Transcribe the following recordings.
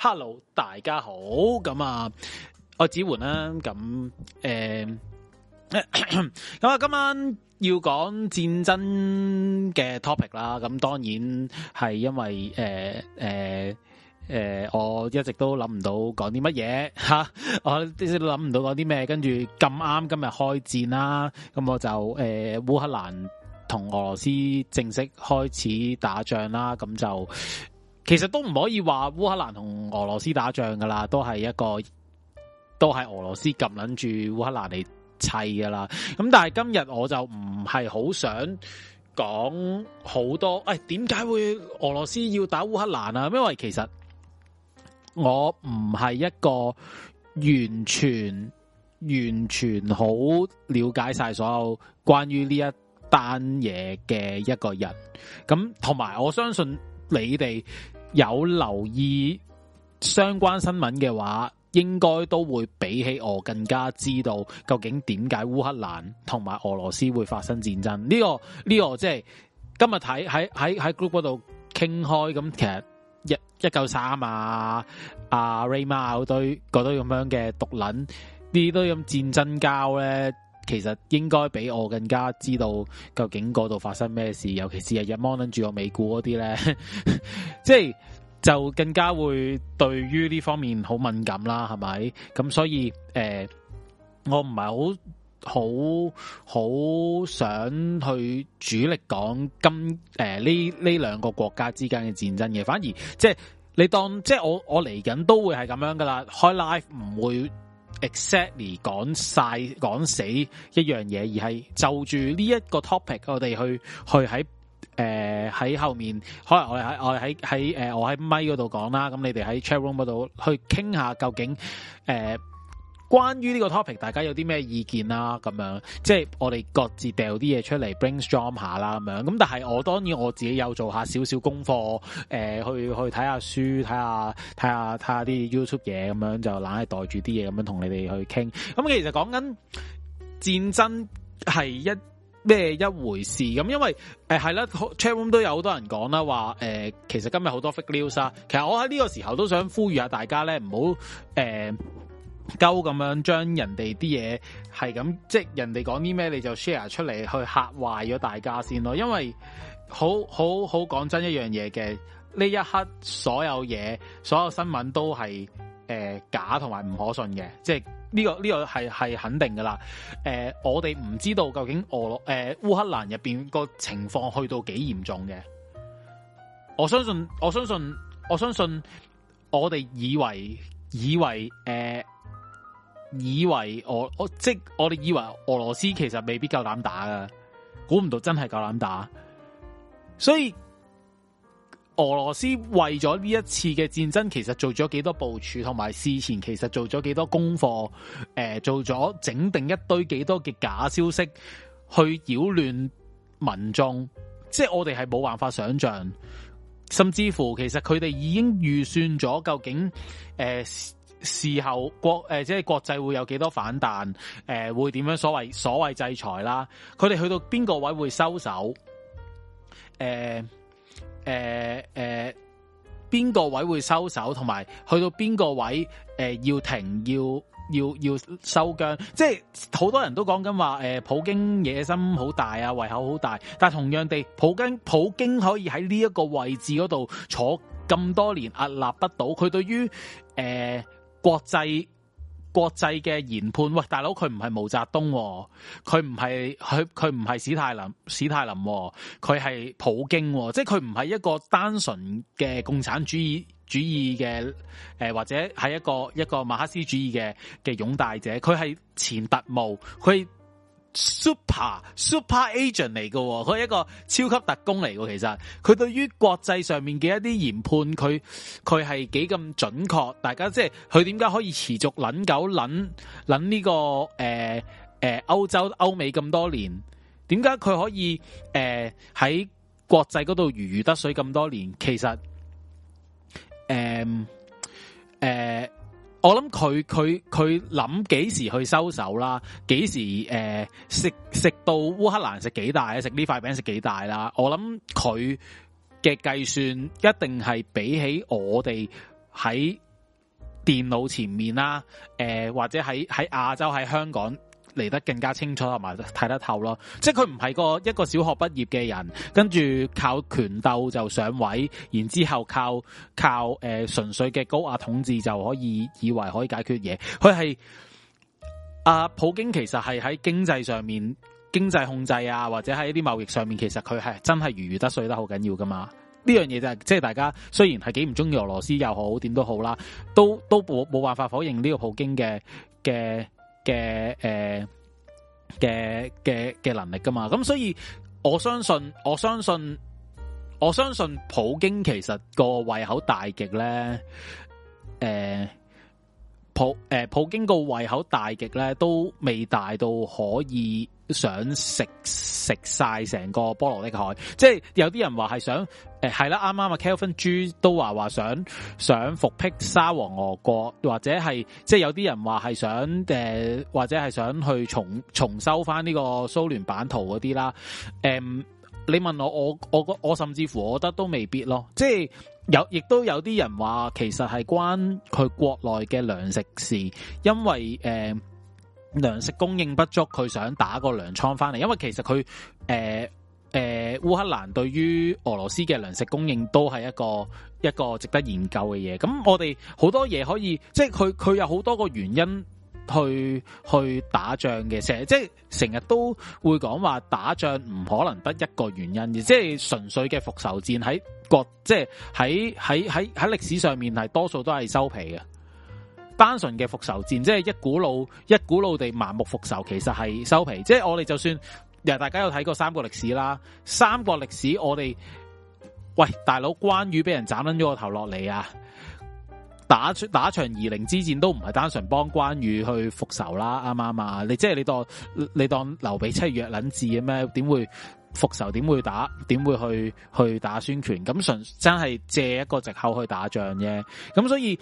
Hello，大家好，咁啊，我子桓啦，咁誒，咁啊，咳咳，今晚要講戰爭嘅 topic 啦，咁當然係因為誒誒誒，我一直都諗唔到講啲乜嘢吓，我一直都諗唔到講啲咩，跟住咁啱今日開戰啦，咁我就誒烏克蘭同俄羅斯正式開始打仗啦，咁就。其實都唔可以話烏克蘭同俄羅斯打仗噶啦，都係一個都係俄羅斯撳捻住烏克蘭嚟砌噶啦。咁但係今日我就唔係好想講好多，誒點解會俄羅斯要打烏克蘭啊？因為其實我唔係一個完全完全好了解晒所有關於呢一單嘢嘅一個人。咁同埋我相信你哋。有留意相關新聞嘅話，應該都會比起我更加知道究竟點解烏克蘭同埋俄羅斯會發生戰爭。呢個呢個即係今日睇喺喺喺 group 嗰度傾開，咁，其實一一嚿沙啊啊 Rayma r 嗰堆嗰堆咁樣嘅毒撚，呢堆咁戰爭膠咧。其實應該比我更加知道究竟嗰度發生咩事，尤其是日日 mon 住我美股嗰啲咧， 即係就更加會對於呢方面好敏感啦，係咪？咁所以誒、呃，我唔係好好好想去主力講今誒呢呢兩個國家之間嘅戰爭嘅，反而即係你當即係我我嚟緊都會係咁樣噶啦，開 live 唔會，exactly 講晒，講死一樣嘢，而係就住呢一個 topic，我哋去去喺誒喺後面，可能我哋喺我哋喺喺誒我喺咪嗰度講啦。咁你哋喺 chat room 嗰度去傾下究竟誒。呃關於呢個 topic，大家有啲咩意見啦？咁樣即係我哋各自掉啲嘢出嚟，brainstorm 下啦，咁樣。咁但係我當然我自己有做下少少功課，誒、呃，去去睇下書，睇下睇下睇下啲 YouTube 嘢，咁樣就懶係袋住啲嘢，咁樣同你哋去傾。咁、嗯、其實講緊戰爭係一咩一回事咁，因為誒係、呃、啦，chatroom 都有好多人講啦，話、呃、誒，其實今日好多 fake news。其實我喺呢個時候都想呼籲下大家咧，唔好誒。鳩咁樣將人哋啲嘢係咁，即係人哋講啲咩你就 share 出嚟，去嚇壞咗大家先咯。因為好好好講真一樣嘢嘅呢一刻，所有嘢，所有新聞都係誒假同埋唔可信嘅。即係呢個呢個係係肯定噶啦。誒，我哋唔知道究竟俄誒烏克蘭入邊個情況去到幾嚴重嘅。我相信我相信我相信我哋以為以為誒。呃以為俄，即我哋以為俄羅斯其實未必夠膽打噶，估唔到真係夠膽打。所以俄羅斯為咗呢一次嘅戰爭，其實做咗幾多部署，同埋事前其實做咗幾多功課。誒、呃，做咗整定一堆幾多嘅假消息去擾亂民眾，即係我哋係冇辦法想象，甚至乎其實佢哋已經預算咗究竟誒。呃事後國誒、呃，即係國際會有幾多反彈？誒、呃，會點樣所謂所謂制裁啦？佢哋去到邊個位會收手？誒誒誒，邊、呃呃、個位會收手？同埋去到邊個位誒、呃、要停？要要要收姜？即係好多人都講緊話誒，普京野心好大啊，胃口好大。但係同樣地，普京普京可以喺呢一個位置嗰度坐咁多年，屹立不倒。佢對於誒。呃國際國際嘅研判，喂，大佬佢唔係毛澤東，佢唔係佢佢唔係史泰林史泰林，佢係普京，即係佢唔係一個單純嘅共產主義主義嘅誒、呃，或者係一個一個馬克思主義嘅嘅擁戴者，佢係前特務，佢。Super super agent 嚟喎，佢係一個超級特工嚟㗎。其實佢對於國際上面嘅一啲研判，佢佢係幾咁準確。大家即係佢點解可以持續諗久諗諗呢個誒誒歐洲歐美咁多年？點解佢可以誒喺、呃、國際嗰度如魚得水咁多年？其實誒誒。呃呃我諗佢佢佢諗幾時去收手啦？幾時誒、呃、食食到烏克蘭食幾大呀？食呢塊餅食幾大啦？我諗佢嘅計算一定係比起我哋喺電腦前面啦，誒、呃、或者喺喺亞洲喺香港。嚟得更加清楚同埋睇得透咯，即係佢唔係個一個小學畢業嘅人，跟住靠權鬥就上位，然之後靠靠誒、呃、純粹嘅高壓統治就可以以為可以解決嘢。佢係阿普京，其實係喺經濟上面、經濟控制啊，或者喺一啲貿易上面，其實佢係真係如魚得水，得好緊要噶嘛。呢樣嘢就係、是、即係大家雖然係幾唔中意俄羅斯又好，點都好啦，都都冇冇辦法否認呢個普京嘅嘅。嘅誒嘅嘅嘅能力㗎嘛，咁所以我相信我相信我相信普京其實個胃口大極咧，誒、呃、普誒、呃、普京個胃口大極咧都未大到可以想食食晒成個波羅的海，即係有啲人話係想。誒、嗯，係啦，啱啱啊，Kelvin G 都話話想想復辟沙皇俄國，或者係即係有啲人話係想誒、呃，或者係想去重重修翻呢個蘇聯版圖嗰啲啦。誒、嗯，你問我，我我我甚至乎我覺得都未必咯。即係有，亦都有啲人話，其實係關佢國內嘅糧食事，因為誒糧食供應不足，佢想打個糧倉翻嚟。因為其實佢誒。呃誒、呃，烏克蘭對於俄羅斯嘅糧食供應都係一個一個值得研究嘅嘢。咁我哋好多嘢可以，即係佢佢有好多個原因去去打仗嘅。成日即係成日都會講話打仗唔可能得一個原因嘅，即係純粹嘅復仇戰喺國，即係喺喺喺喺歷史上面係多數都係收皮嘅。單純嘅復仇戰，即係一股腦一股腦地盲目復仇，其實係收皮。即係我哋就算。大家有睇過三國歷史啦，三國歷史我哋，喂大佬關羽俾人斬撚咗個頭落嚟啊，打打場夷陵之戰都唔係單純幫關羽去復仇啦，啱唔啱啊？你即係、就是、你當你當劉備七弱卵子咁咩？點會復仇？點會打？點會去去打權？孫權咁純真係借一個借口去打仗啫。咁所以誒、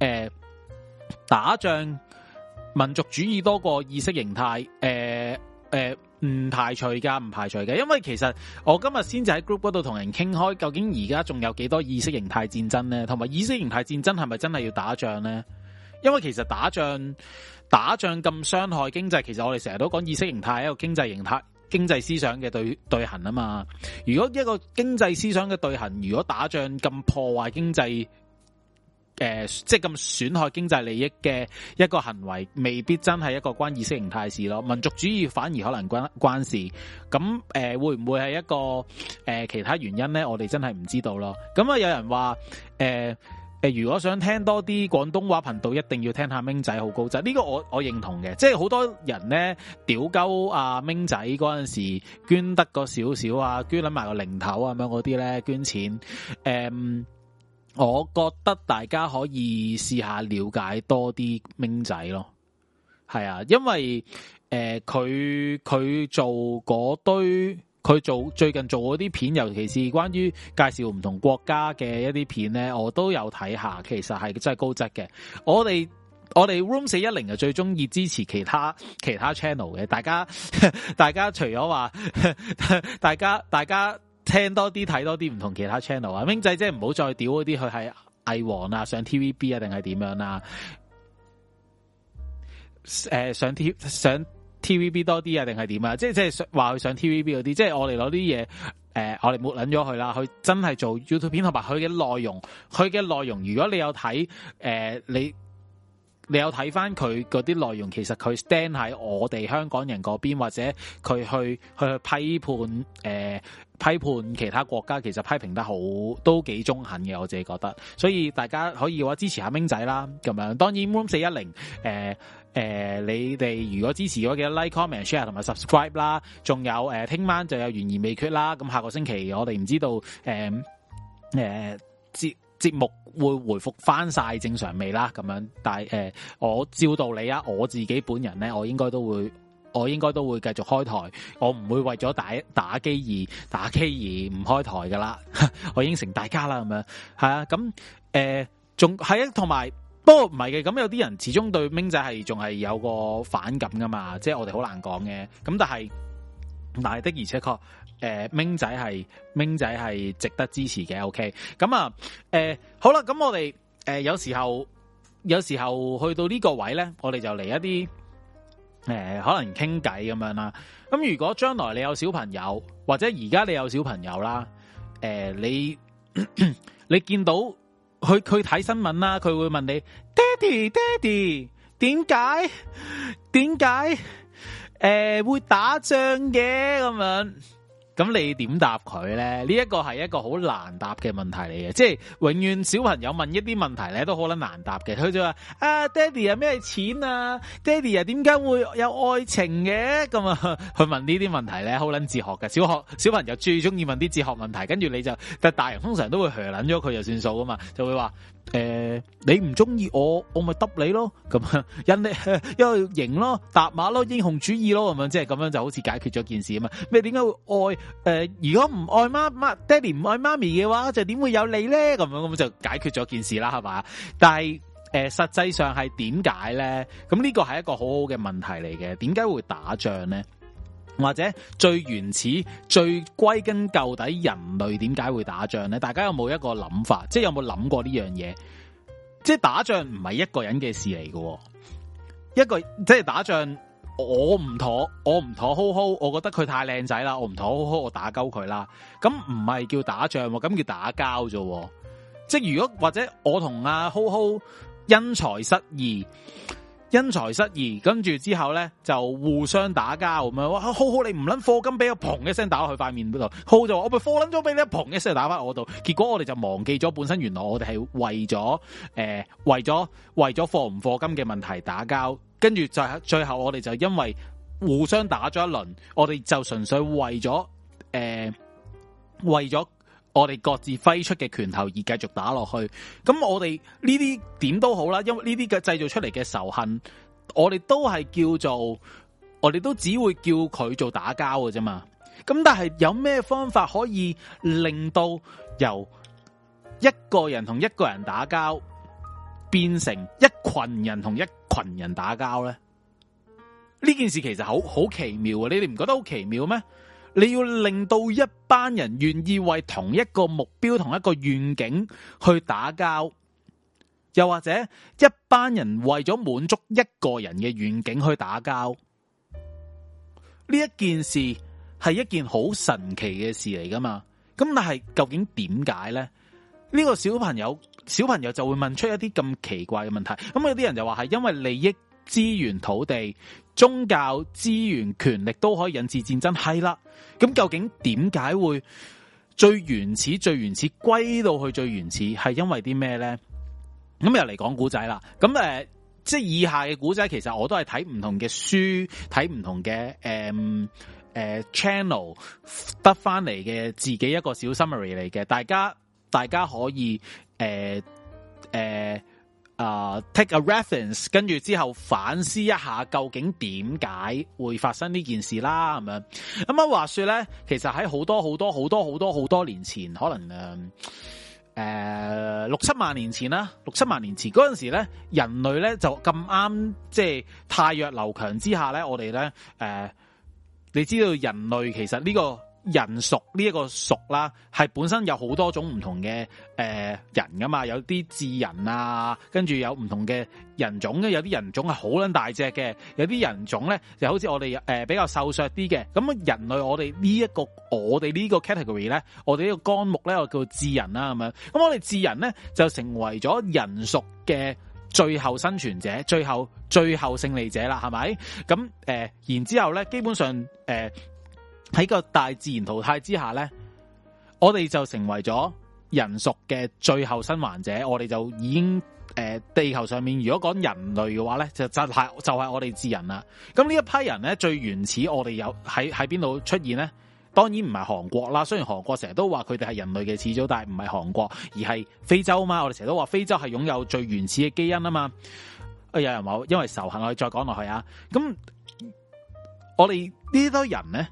呃，打仗民族主義多過意識形態。誒、呃、誒。呃唔排除噶，唔排除嘅，因為其實我今日先至喺 group 嗰度同人傾開，究竟而家仲有幾多意識形態戰爭咧？同埋意識形態戰爭係咪真係要打仗咧？因為其實打仗打仗咁傷害經濟，其實我哋成日都講意識形態一個經濟形態、經濟思想嘅對對衡啊嘛。如果一個經濟思想嘅對衡，如果打仗咁破壞經濟。誒、呃，即係咁損害經濟利益嘅一個行為，未必真係一個關意識形態事咯。民族主義反而可能關關事。咁誒、呃，會唔會係一個誒、呃、其他原因呢？我哋真係唔知道咯。咁啊，有人話誒誒，如果想聽多啲廣東話頻道，一定要聽下明仔好高質。呢，這個我我認同嘅，即係好多人呢，屌鳩啊明仔嗰陣時捐得個少少啊，捐諗埋個零頭啊，咁樣嗰啲呢，捐錢誒。嗯我覺得大家可以試下了解多啲明仔咯，係啊，因為誒佢佢做嗰堆佢做最近做嗰啲片，尤其是關於介紹唔同國家嘅一啲片咧，我都有睇下，其實係真係高質嘅。我哋我哋 room 四一零就最中意支持其他其他 channel 嘅，大家大家除咗話大家大家。大家聽多啲，睇多啲唔同其他 channel 啊，明仔即係唔好再屌嗰啲佢係藝王啊，上 TVB 啊定係點樣啊？誒、呃，上 T 上 TVB 多啲啊，定係點啊？即係即係話佢上 TVB 嗰啲，即係我哋攞啲嘢，誒、呃，我哋冇捻咗佢啦，佢真係做 YouTube 片，同埋佢嘅內容，佢嘅內容，如果你有睇，誒、呃，你。你有睇翻佢嗰啲內容，其實佢 stand 喺我哋香港人嗰邊，或者佢去去去批判，誒、呃、批判其他國家，其實批評得好都幾中肯嘅，我自己覺得。所以大家可以話支持下明仔啦，咁樣當然 room 四、呃、一零，誒、呃、誒，你哋如果支持嘅記得 like、comment、share 同埋 subscribe 啦。仲有誒，聽、呃、晚就有懸疑未決啦。咁下個星期我哋唔知道誒接。呃呃節目會回復翻晒正常未啦？咁樣，但係誒、呃，我照道理啊，我自己本人咧，我應該都會，我應該都會繼續開台，我唔會為咗打打機而打機而唔開台噶啦。我應承大家啦，咁樣係啊。咁誒，仲係啊，同埋不過唔係嘅。咁有啲人始終對明仔係仲係有個反感噶嘛，即係我哋好難講嘅。咁但係，但係的而且確。誒，明仔係明仔係值得支持嘅，OK。咁啊，誒，好啦，咁我哋誒、呃，有時候有時候去到呢個位咧，我哋就嚟一啲誒、呃，可能傾偈咁樣啦。咁如果將來你有小朋友，或者而家你有小朋友啦，誒、呃，你 你見到佢佢睇新聞啦，佢會問你，爹哋爹哋，點解點解？誒、呃，會打仗嘅咁樣。咁你點答佢咧？呢一個係一個好難答嘅問題嚟嘅，即係永遠小朋友問一啲問題咧都好捻難答嘅。佢就話：啊，爹哋呀，咩錢啊？爹哋呀，點解會有愛情嘅？咁啊，去問呢啲問題咧，好捻哲學嘅。小學小朋友最中意問啲哲學問題，跟住你就但大人通常都會吓捻咗佢就算數噶嘛，就會話：誒，你唔中意我，我咪揼你咯。咁因因為型咯，搭馬咯，英雄主義咯，咁樣即係咁樣就好似解決咗件事啊嘛。咩點解會愛？誒、呃，如果唔愛媽媽，爹哋唔愛媽咪嘅話，就點會有你咧？咁樣咁就解決咗件事啦，係嘛？但係誒、呃，實際上係點解咧？咁呢、呢個係一個好好嘅問題嚟嘅。點解會打仗咧？或者最原始、最歸根究底，人類點解會打仗咧？大家有冇一個諗法？即係有冇諗過呢樣嘢？即係打仗唔係一個人嘅事嚟嘅，一個即係打仗。我唔妥，我唔妥，Ho Ho，我覺得佢太靚仔啦，我唔妥，Ho Ho，我打鳩佢啦。咁唔係叫打仗，咁叫打交啫。即係如果或者我同阿 Ho Ho 因財失義，因財失義，跟住之後咧就互相打交咁啊！Ho Ho，你唔撚課金俾我，砰一聲打去塊面度，Ho 就話我咪課撚咗俾你，砰一聲打翻我度。結果我哋就忘記咗本身原來我哋係為咗誒、呃，為咗為咗課唔課金嘅問題打交。跟住就最後，我哋就因為互相打咗一輪，我哋就純粹為咗誒、呃，為咗我哋各自揮出嘅拳頭而繼續打落去。咁我哋呢啲點都好啦，因為呢啲嘅製造出嚟嘅仇恨，我哋都係叫做，我哋都只會叫佢做打交嘅啫嘛。咁但係有咩方法可以令到由一個人同一個人打交？變成一群人同一群人打交呢，呢件事其實好好奇妙啊！你哋唔覺得好奇妙咩？你要令到一班人願意為同一個目標、同一個願景去打交，又或者一班人為咗滿足一個人嘅願景去打交，呢一件事係一件好神奇嘅事嚟噶嘛？咁但係究竟點解呢？呢？呢個小朋友？小朋友就會問出一啲咁奇怪嘅問題，咁有啲人就話係因為利益資源、土地、宗教資源、權力都可以引致戰爭，係啦。咁究竟點解會最原始、最原始歸到去最原始係因為啲咩呢？咁又嚟講古仔啦。咁、呃、即係以下嘅古仔，其實我都係睇唔同嘅書，睇唔同嘅誒誒 channel 得翻嚟嘅自己一個小 summary 嚟嘅。大家大家可以。誒誒啊，take a reference，跟住之後反思一下究竟點解會發生呢件事啦，咁樣咁啊。話說咧，其實喺好多好多好多好多好多多年前，可能誒誒六七萬年前啦，六七萬年前嗰陣時咧，人類咧就咁啱，即係太弱留強之下咧，我哋咧誒，你知道人類其實呢個。人屬呢一個屬啦，係本身有好多種唔同嘅誒人噶嘛，有啲智人啊，跟住有唔同嘅人種，咁有啲人種係好撚大隻嘅，有啲人種咧就好似我哋誒比較瘦削啲嘅。咁人類我哋呢一個我哋呢個 category 咧，我哋呢個綱目咧，又叫智人啦咁樣。咁我哋智人咧就成為咗人屬嘅最後生存者，最後最後勝利者啦，係咪？咁誒，然之後咧，基本上誒。呃喺個大自然淘汰之下呢，我哋就成為咗人屬嘅最後生還者。我哋就已經誒、呃、地球上面，如果講人類嘅話呢，就就係就係、是、我哋智人啦。咁呢一批人呢，最原始我哋有喺喺邊度出現呢？當然唔係韓國啦。雖然韓國成日都話佢哋係人類嘅始祖，但係唔係韓國，而係非洲嘛。我哋成日都話非洲係擁有最原始嘅基因啊嘛。有人話，因為仇恨，我哋再講落去啊。咁我哋呢堆人呢。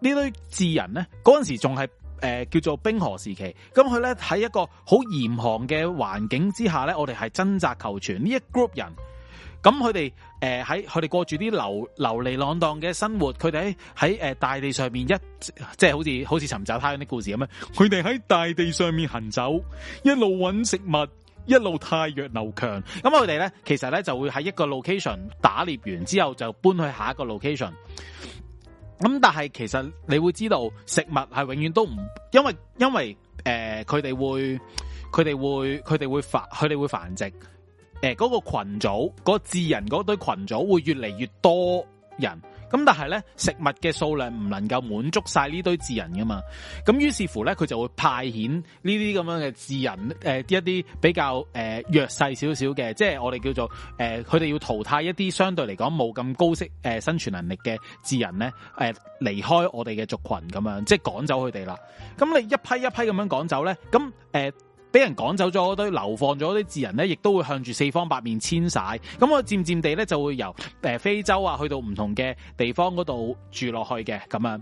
呢堆智人咧，嗰陣時仲係誒叫做冰河時期，咁佢咧喺一個好嚴寒嘅環境之下咧，我哋係掙扎求存。呢一 group 人，咁佢哋誒喺佢哋過住啲流流離浪蕩嘅生活，佢哋喺誒大地上面一即係、就是、好似好似尋找他人啲故事咁樣，佢哋喺大地上面行走，一路揾食物，一路汰弱留強。咁佢哋咧其實咧就會喺一個 location 打獵完之後就搬去下一個 location。咁但係其實你會知道食物係永遠都唔，因為因為誒佢哋會佢哋會佢哋會繁佢哋會繁殖誒嗰、呃嗰個群組、嗰個智人嗰堆群組會越嚟越多人。咁但係咧，食物嘅數量唔能夠滿足晒呢堆智人噶嘛，咁於是乎咧，佢就會派遣呢啲咁樣嘅智人，誒一啲比較誒、呃、弱勢少少嘅，即係我哋叫做誒，佢、呃、哋要淘汰一啲相對嚟講冇咁高息誒、呃、生存能力嘅智人咧，誒、呃、離開我哋嘅族群咁樣，即係趕走佢哋啦。咁你一批一批咁樣趕走咧，咁、呃、誒。俾人趕走咗嗰堆流放咗啲智人咧，亦都會向住四方八面遷徙。咁我漸漸地咧就會由誒非洲啊去到唔同嘅地方嗰度住落去嘅咁樣。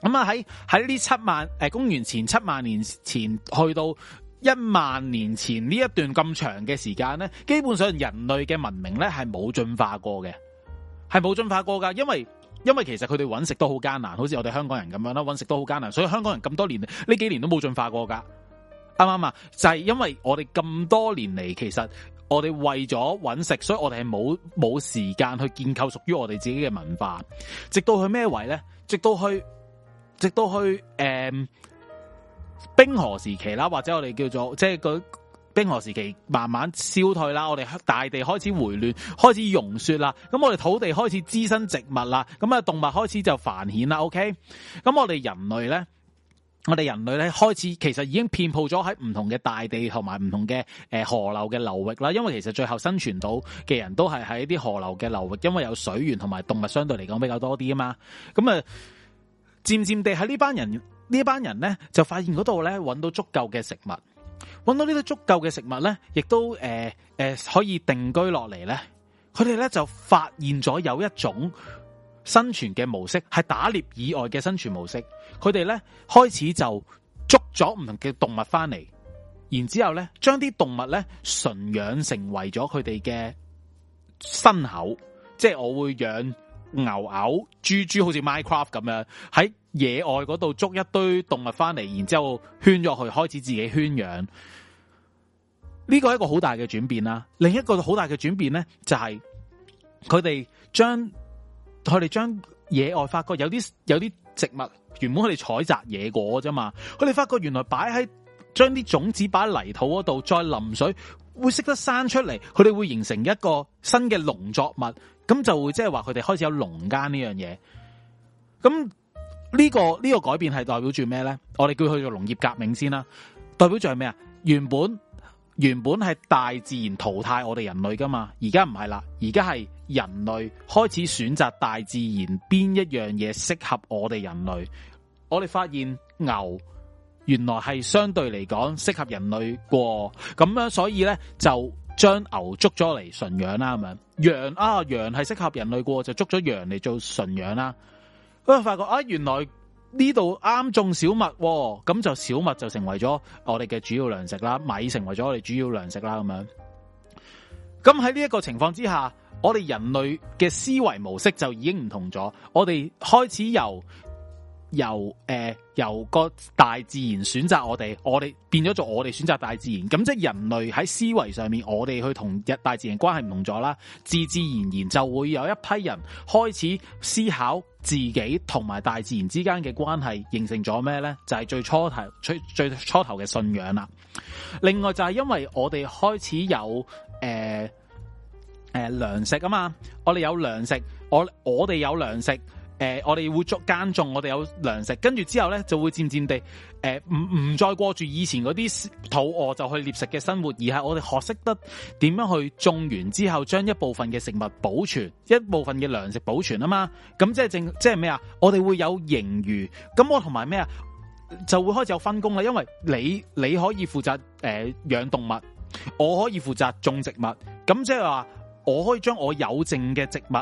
咁啊喺喺呢七萬誒、呃、公元前七萬年前去到一萬年前呢一段咁長嘅時間咧，基本上人類嘅文明咧係冇進化過嘅，係冇進化過噶。因為因為其實佢哋揾食都好艱難，好似我哋香港人咁樣啦，揾食都好艱難，所以香港人咁多年呢幾年都冇進化過噶。啱唔啱啊？就係、是、因為我哋咁多年嚟，其實我哋為咗揾食，所以我哋係冇冇時間去建構屬於我哋自己嘅文化。直到去咩位咧？直到去，直到去誒、嗯、冰河時期啦，或者我哋叫做即係佢冰河時期慢慢消退啦。我哋大地開始回暖，開始融雪啦。咁我哋土地開始滋生植物啦。咁啊，動物開始就繁衍啦。OK，咁我哋人類咧。我哋人類咧，開始其實已經遍佈咗喺唔同嘅大地同埋唔同嘅誒河流嘅流域啦，因為其實最後生存到嘅人都係喺啲河流嘅流域，因為有水源同埋動物相對嚟講比較多啲啊嘛。咁啊，漸漸地喺呢班人呢班人咧，就發現嗰度咧，揾到足夠嘅食物，揾到呢啲足夠嘅食物咧，亦都誒誒可以定居落嚟咧。佢哋咧，就發現咗有一種生存嘅模式，係打獵以外嘅生存模式。佢哋咧開始就捉咗唔同嘅動物翻嚟，然之後咧將啲動物咧馴養成為咗佢哋嘅牲口，即係我會養牛牛、豬豬，好似 Minecraft 咁樣喺野外嗰度捉一堆動物翻嚟，然之後圈咗佢，開始自己圈養。呢、這個係一個好大嘅轉變啦。另一個好大嘅轉變咧，就係佢哋將佢哋將野外發覺有啲有啲。有植物原本佢哋採摘野果啫嘛，佢哋發覺原來擺喺將啲種子擺喺泥土嗰度，再淋水會識得生出嚟，佢哋會形成一個新嘅農作物，咁就會即係話佢哋開始有農耕呢樣嘢。咁呢個呢個改變係代表住咩咧？我哋叫佢做農業革命先啦，代表住係咩啊？原本原本係大自然淘汰我哋人類噶嘛，而家唔係啦，而家係。人類開始選擇大自然邊一樣嘢適合我哋人類，我哋發現牛原來係相對嚟講適合人類過，咁樣所以呢，就將牛捉咗嚟馴養啦，咁樣羊啊羊係適合人類過就捉咗羊嚟做馴養啦，咁發覺啊原來呢度啱種小麥，咁就小麥就成為咗我哋嘅主要糧食啦，米成為咗我哋主要糧食啦，咁樣，咁喺呢一個情況之下。我哋人類嘅思維模式就已經唔同咗，我哋開始由由誒、呃、由個大自然選擇我哋，我哋變咗做我哋選擇大自然。咁即係人類喺思維上面，我哋去同日大自然的關係唔同咗啦，自自然然就會有一批人開始思考自己同埋大自然之間嘅關係，形成咗咩呢？就係、是、最初頭最最初頭嘅信仰啦。另外就係因為我哋開始有誒。呃誒、呃，糧食啊嘛，我哋有糧食，我我哋有糧食，誒、呃，我哋會作耕種，我哋有糧食，跟住之後咧就會漸漸地，誒、呃，唔唔再過住以前嗰啲肚餓就去獵食嘅生活，而係我哋學識得點樣去種完之後，將一部分嘅食物保存，一部分嘅糧食保存啊嘛，咁即係正即係咩啊？我哋會有盈餘，咁我同埋咩啊，就會開始有分工啦。因為你你可以負責誒養、呃、動物，我可以負責種植物，咁即係話。我可以將我有剩嘅植物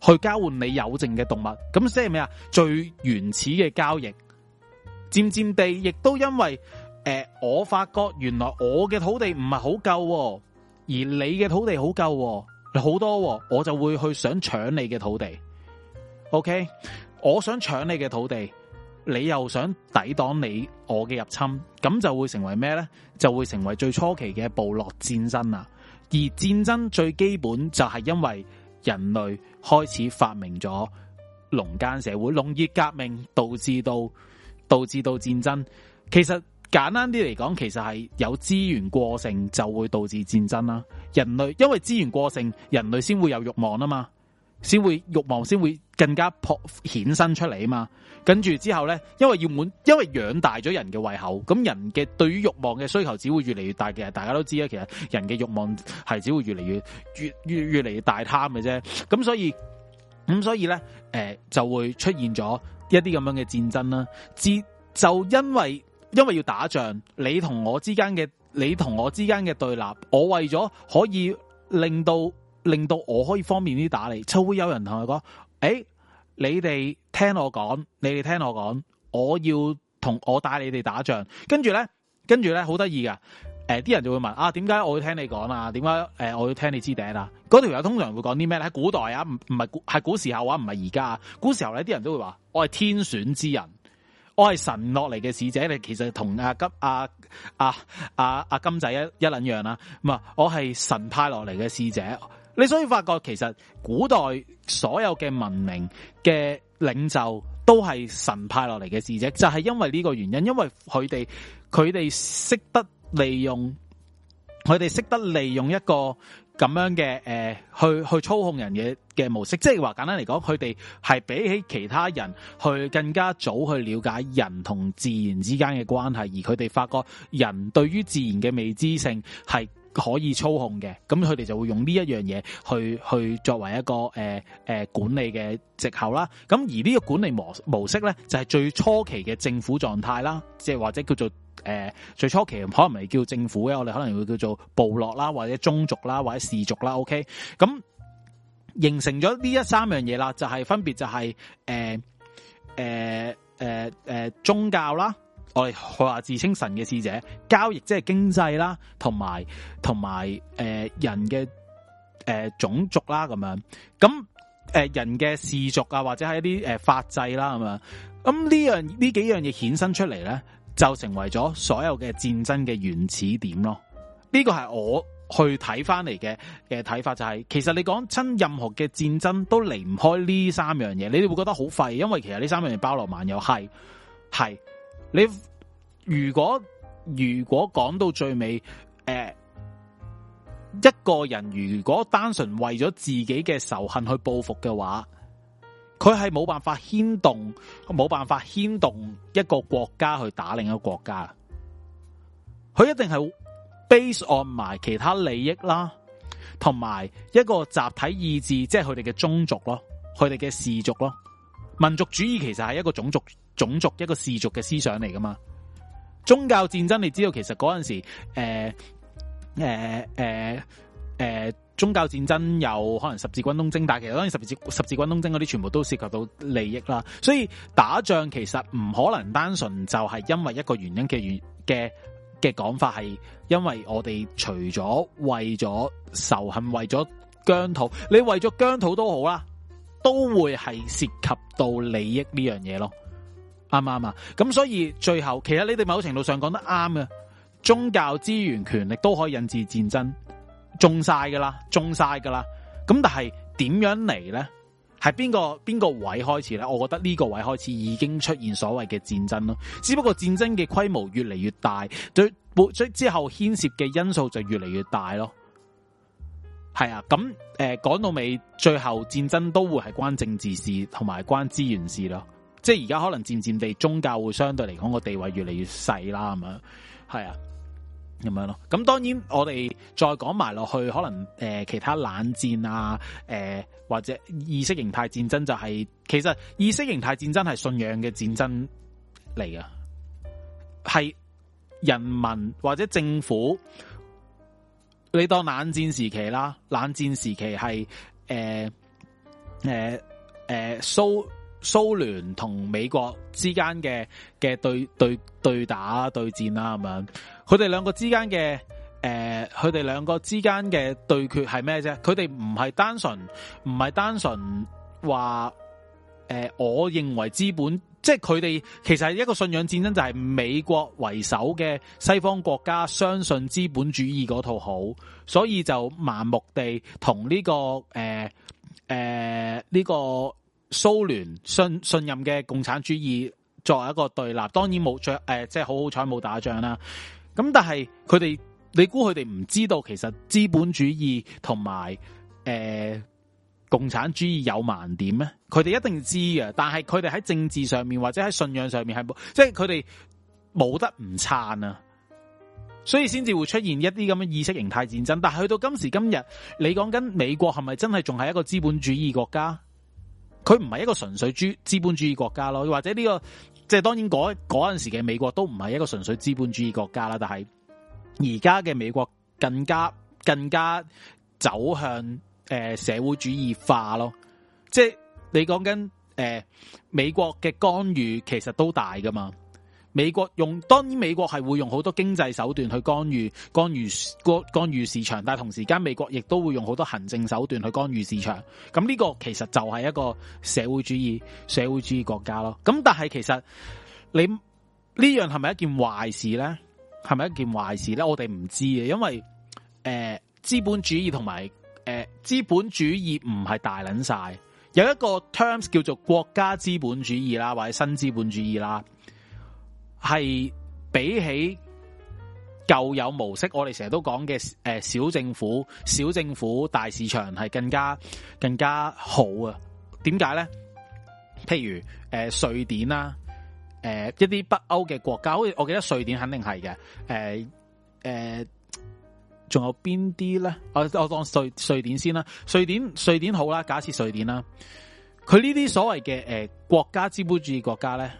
去交換你有剩嘅動物，咁即係咩啊？最原始嘅交易，漸漸地亦都因為誒、呃，我發覺原來我嘅土地唔係好夠，而你嘅土地好夠好多，我就會去想搶你嘅土地。OK，我想搶你嘅土地，你又想抵擋你我嘅入侵，咁就會成為咩呢？就會成為最初期嘅部落戰爭喇！而戰爭最基本就係因為人類開始發明咗農耕社會，農業革命導致到，導致到戰爭。其實簡單啲嚟講，其實係有資源過剩就會導致戰爭啦。人類因為資源過剩，人類先會有慾望啊嘛，先會慾望先會。更加扑衍生出嚟啊嘛，跟住之後呢，因為要滿，因為養大咗人嘅胃口，咁人嘅對於慾望嘅需求只會越嚟越大嘅，大家都知啦。其實人嘅慾望係只會越嚟越越越越嚟越大貪嘅啫，咁所以咁所以呢誒、呃、就會出現咗一啲咁樣嘅戰爭啦。至就因為因為要打仗，你同我之間嘅你同我之間嘅對立，我為咗可以令到令到我可以方便啲打你，就會有人同佢講。誒、哎，你哋聽我講，你哋聽我講，我要同我帶你哋打仗，跟住咧，跟住咧，好得意噶。誒、呃，啲人就會問啊，點解我要聽你講啊？點解誒，我要聽你知頂啊？嗰條友通常會講啲咩咧？喺古代啊，唔唔係古，係古時候啊，唔係而家。古時候咧，啲人都會話，我係天選之人，我係神落嚟嘅使者。你其實同阿金啊啊啊阿、啊啊、金仔一一兩樣啦。咁啊，我係神派落嚟嘅使者。你所以發覺，其實古代所有嘅文明嘅領袖都係神派落嚟嘅使者，就係、是、因為呢個原因，因為佢哋佢哋識得利用，佢哋識得利用一個咁樣嘅誒、呃，去去操控人嘅嘅模式，即係話簡單嚟講，佢哋係比起其他人去更加早去了解人同自然之間嘅關係，而佢哋發覺人對於自然嘅未知性係。可以操控嘅，咁佢哋就會用呢一樣嘢去去作為一個誒誒、呃呃、管理嘅藉口啦。咁而呢個管理模式模式咧，就係最初期嘅政府狀態啦，即係或者叫做誒、呃、最初期可能唔係叫政府嘅，我哋可能會叫做部落啦，或者宗族啦，或者氏族啦。OK，咁形成咗呢一三樣嘢啦，就係、是、分別就係誒誒誒誒宗教啦。我哋佢話自稱神嘅使者交易，即係經濟啦，同埋同埋誒人嘅誒、呃、種族啦，咁樣咁誒、呃、人嘅氏族啊，或者係一啲誒、呃、法制啦，咁樣咁呢樣呢幾樣嘢衍生出嚟咧，就成為咗所有嘅戰爭嘅原始點咯。呢、這個係我去睇翻嚟嘅嘅睇法，就是，就係其實你講親任何嘅戰爭都離唔開呢三樣嘢，你哋會覺得好廢，因為其實呢三樣嘢包羅萬有，係係。你如果如果講到最尾，誒、呃，一個人如果單純為咗自己嘅仇恨去報復嘅話，佢係冇辦法牽動，冇辦法牽動一個國家去打另一個國家。佢一定係 base on 埋其他利益啦，同埋一個集體意志，即係佢哋嘅宗族咯，佢哋嘅氏族咯，民族主義其實係一個種族。種族一個氏族嘅思想嚟㗎嘛？宗教戰爭你知道，其實嗰陣時誒誒誒誒、誒、誒、誒宗教戰爭有可能十字軍東征，但係其實當然十字十字軍東征嗰啲全部都涉及到利益啦。所以打仗其實唔可能單純就係因為一個原因嘅，嘅嘅講法係因為我哋除咗為咗仇恨，為咗疆土，你為咗疆土都好啦，都會係涉及到利益呢樣嘢咯。啱嘛？啱啊？咁所以最後，其實你哋某程度上講得啱啊。宗教資源權力都可以引致戰爭，中晒噶啦，中晒噶啦。咁但係點樣嚟呢？係邊個邊個位開始呢？我覺得呢個位開始已經出現所謂嘅戰爭咯，只不過戰爭嘅規模越嚟越大，最播咗之後牽涉嘅因素就越嚟越大咯。係啊，咁誒、講、呃、到尾，最後戰爭都會係關政治事同埋關資源事咯。即係而家可能漸漸地宗教會相對嚟講個地位越嚟越細啦，係咪？係啊，咁樣咯。咁當然我哋再講埋落去，可能誒、呃、其他冷戰啊，誒、呃、或者意識形態戰爭就係、是、其實意識形態戰爭係信仰嘅戰爭嚟噶，係人民或者政府，你當冷戰時期啦，冷戰時期係誒誒誒蘇。呃呃呃呃 so, 蘇聯同美國之間嘅嘅對對對，對打對戰啦咁樣，佢哋兩個之間嘅誒，佢哋兩個之間嘅對決係咩啫？佢哋唔係單純，唔係單純話誒，我認為資本，即係佢哋其實係一個信仰戰爭，就係、是、美國為首嘅西方國家相信資本主義嗰套好，所以就盲目地同呢個誒誒呢個。呃呃這個蘇聯信信任嘅共產主義作為一個對立，當然冇着誒，即係好好彩冇打仗啦。咁但係佢哋，你估佢哋唔知道其實資本主義同埋誒共產主義有盲點咩？佢哋一定知嘅，但係佢哋喺政治上面或者喺信仰上面係冇，即係佢哋冇得唔撐啊，所以先至會出現一啲咁嘅意識形態戰爭。但係去到今時今日，你講緊美國係咪真係仲係一個資本主義國家？佢唔係一個純粹資資本主義國家咯，或者呢個即係當然嗰嗰陣時嘅美國都唔係一個純粹資本主義國家啦，這個，但係而家嘅美國更加更加走向誒、呃、社會主義化咯，即係你講緊誒美國嘅干預其實都大噶嘛。美國用，當然美國係會用好多經濟手段去干預干預干干預市場，但係同時間美國亦都會用好多行政手段去干預市場。咁呢個其實就係一個社會主義社會主義國家咯。咁但係其實你呢樣係咪一件壞事呢？係咪一件壞事呢？我哋唔知嘅，因為誒、呃、資本主義同埋誒資本主義唔係大撚晒，有一個 terms 叫做國家資本主義啦，或者新資本主義啦。係比起舊有模式，我哋成日都講嘅誒，小政府、小政府、大市場係更加更加好啊！點解咧？譬如誒、呃，瑞典啦，誒、呃，一啲北歐嘅國家，好似我記得瑞典肯定係嘅，誒、呃，誒、呃，仲有邊啲咧？我我當瑞瑞典先啦，瑞典瑞典好啦，假設瑞典啦，佢呢啲所謂嘅誒、呃，國家資本主義國家咧。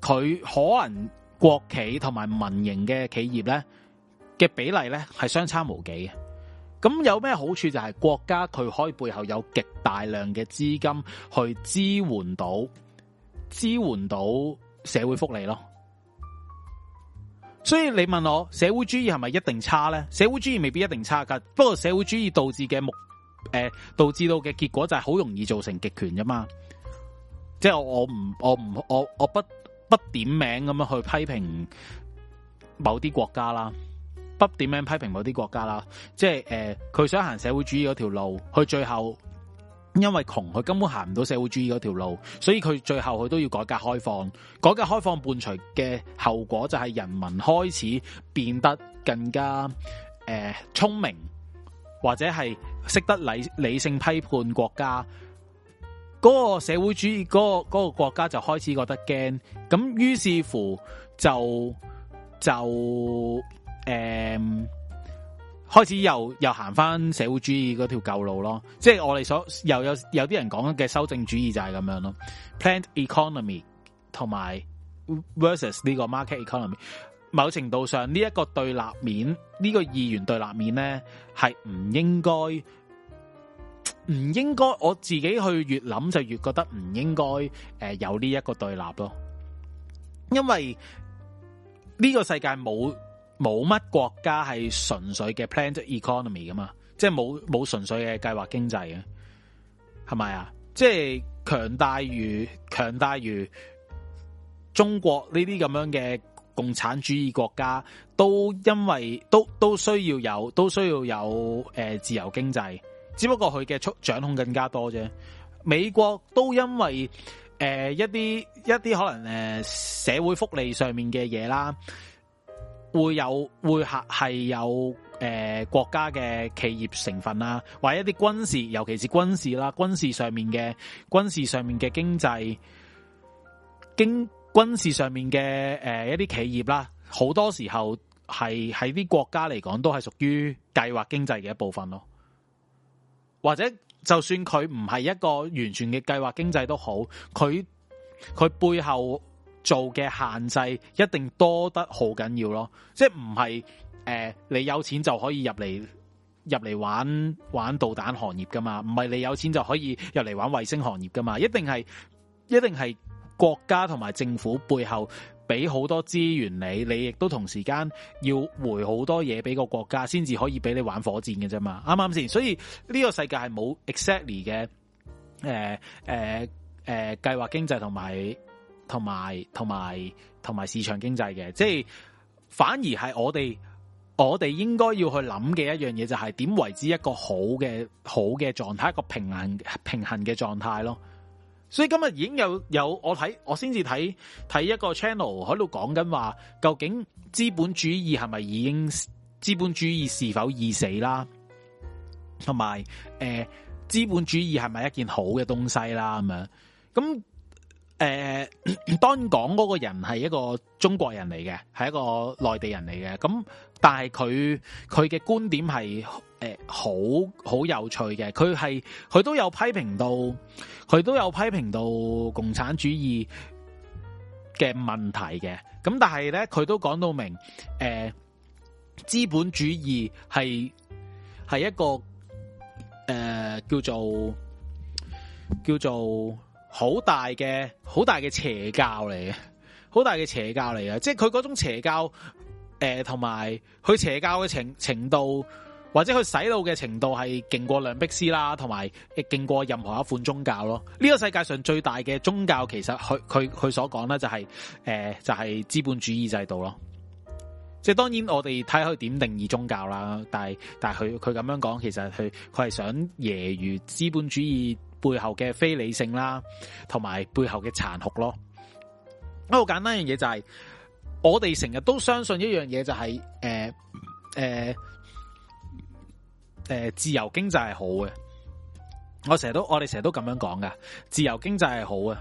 佢可能國企同埋民營嘅企業咧嘅比例咧係相差無幾嘅，咁有咩好處就係國家佢可以背後有極大量嘅資金去支援到支援到社會福利咯。所以你問我社會主義係咪一定差咧？社會主義未必一定差噶，不過社會主義導致嘅目誒、呃、導致到嘅結果就係好容易造成極權啫嘛。即係我唔我唔我我不。我不我我不不點名咁樣去批評某啲國家啦，不點名批評某啲國家啦，即係誒，佢、呃、想行社會主義嗰條路，佢最後因為窮，佢根本行唔到社會主義嗰條路，所以佢最後佢都要改革開放，改革開放伴隨嘅後果就係人民開始變得更加誒聰、呃、明，或者係識得理理性批判國家。嗰、那個社會主義嗰、那個那個國家就開始覺得驚，咁於是乎就就誒、嗯、開始又又行返社會主義嗰條舊路咯，即係我哋所又有有啲人講嘅修正主義就係咁樣咯。Planned economy 同埋 versus 呢個 market economy，某程度上呢一、這個對立面，呢、這個議員對立面呢，係唔應該。唔應該，我自己去越諗就越覺得唔應該誒、呃、有呢一個對立咯。因為呢個世界冇冇乜國家係純粹嘅 planned economy 噶嘛，就是沒，即係冇冇純粹嘅計劃經濟嘅，係咪啊？即、就、係、是、強大如強大如中國呢啲咁樣嘅共產主義國家，都因為都都需要有都需要有誒、呃、自由經濟。只不過佢嘅控掌控更加多啫。美國都因為誒一啲一啲可能誒社會福利上面嘅嘢啦，會有會係係有誒國家嘅企業成分啦，或者一啲軍事，尤其是軍事啦，軍事上面嘅軍事上面嘅經濟經軍事上面嘅誒一啲企業啦，好多時候係喺啲國家嚟講都係屬於計劃經濟嘅一部分咯。或者就算佢唔係一個完全嘅計劃經濟都好，佢佢背後做嘅限制一定多得好緊要咯，即係唔係誒你有錢就可以入嚟、入嚟玩玩導彈行業噶嘛，唔係你有錢就可以入嚟玩衛星行業噶嘛，一定係一定係國家同埋政府背後。俾好多資源你，你亦都同時間要回好多嘢俾個國家，先至可以俾你玩火箭嘅啫嘛，啱唔啱先？所以呢個世界係冇 exactly 嘅，誒誒誒計劃經濟同埋同埋同埋同埋市場經濟嘅，即係反而係我哋我哋應該要去諗嘅一樣嘢，就係，就係點為之一個好嘅好嘅狀態，一個平衡平衡嘅狀態咯。所以今日已經有有我睇，我先至睇睇一個 channel 喺度講緊話，究竟資本主義係咪已經資本主義是否已死啦？同埋誒資本主義係咪一件好嘅東西啦？咁樣咁誒，當講嗰個人係一個中國人嚟嘅，係一個內地人嚟嘅，咁但係佢佢嘅觀點係。誒、呃，好好有趣嘅，佢係佢都有批評到，佢都有批評到共產主義嘅問題嘅。咁但係咧，佢都講到明，誒、呃，資本主義係係一個誒、呃、叫做叫做好大嘅好大嘅邪教嚟嘅，好大嘅邪教嚟嘅，即係佢嗰種邪教，誒、呃，同埋佢邪教嘅程程度。或者佢洗腦嘅程度係勁過梁碧斯啦，同埋勁過任何一款宗教咯。呢、這個世界上最大嘅宗教，其實佢佢佢所講咧就係、是、誒、呃、就係、是、資本主義制度咯。即係當然我哋睇佢點定義宗教啦，但係但係佢佢咁樣講，其實佢佢係想揶揄資本主義背後嘅非理性啦，同埋背後嘅殘酷咯。好簡單一樣嘢就係、是、我哋成日都相信一樣嘢就係誒誒。呃呃誒，自由經濟係好嘅，我成日都我哋成日都咁樣講噶自由經濟係好啊，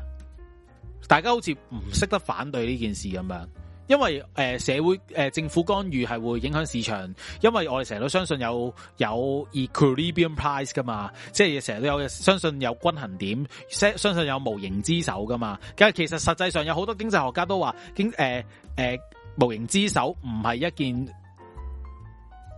大家好似唔識得反對呢件事咁樣，因為誒、呃、社會誒、呃、政府干預係會影響市場，因為我哋成日都相信有有 equilibrium price 噶嘛，即係成日都有相信有均衡點，相信有無形之手噶嘛，但係其實實際上有好多經濟學家都話經誒誒、呃呃、無形之手唔係一件。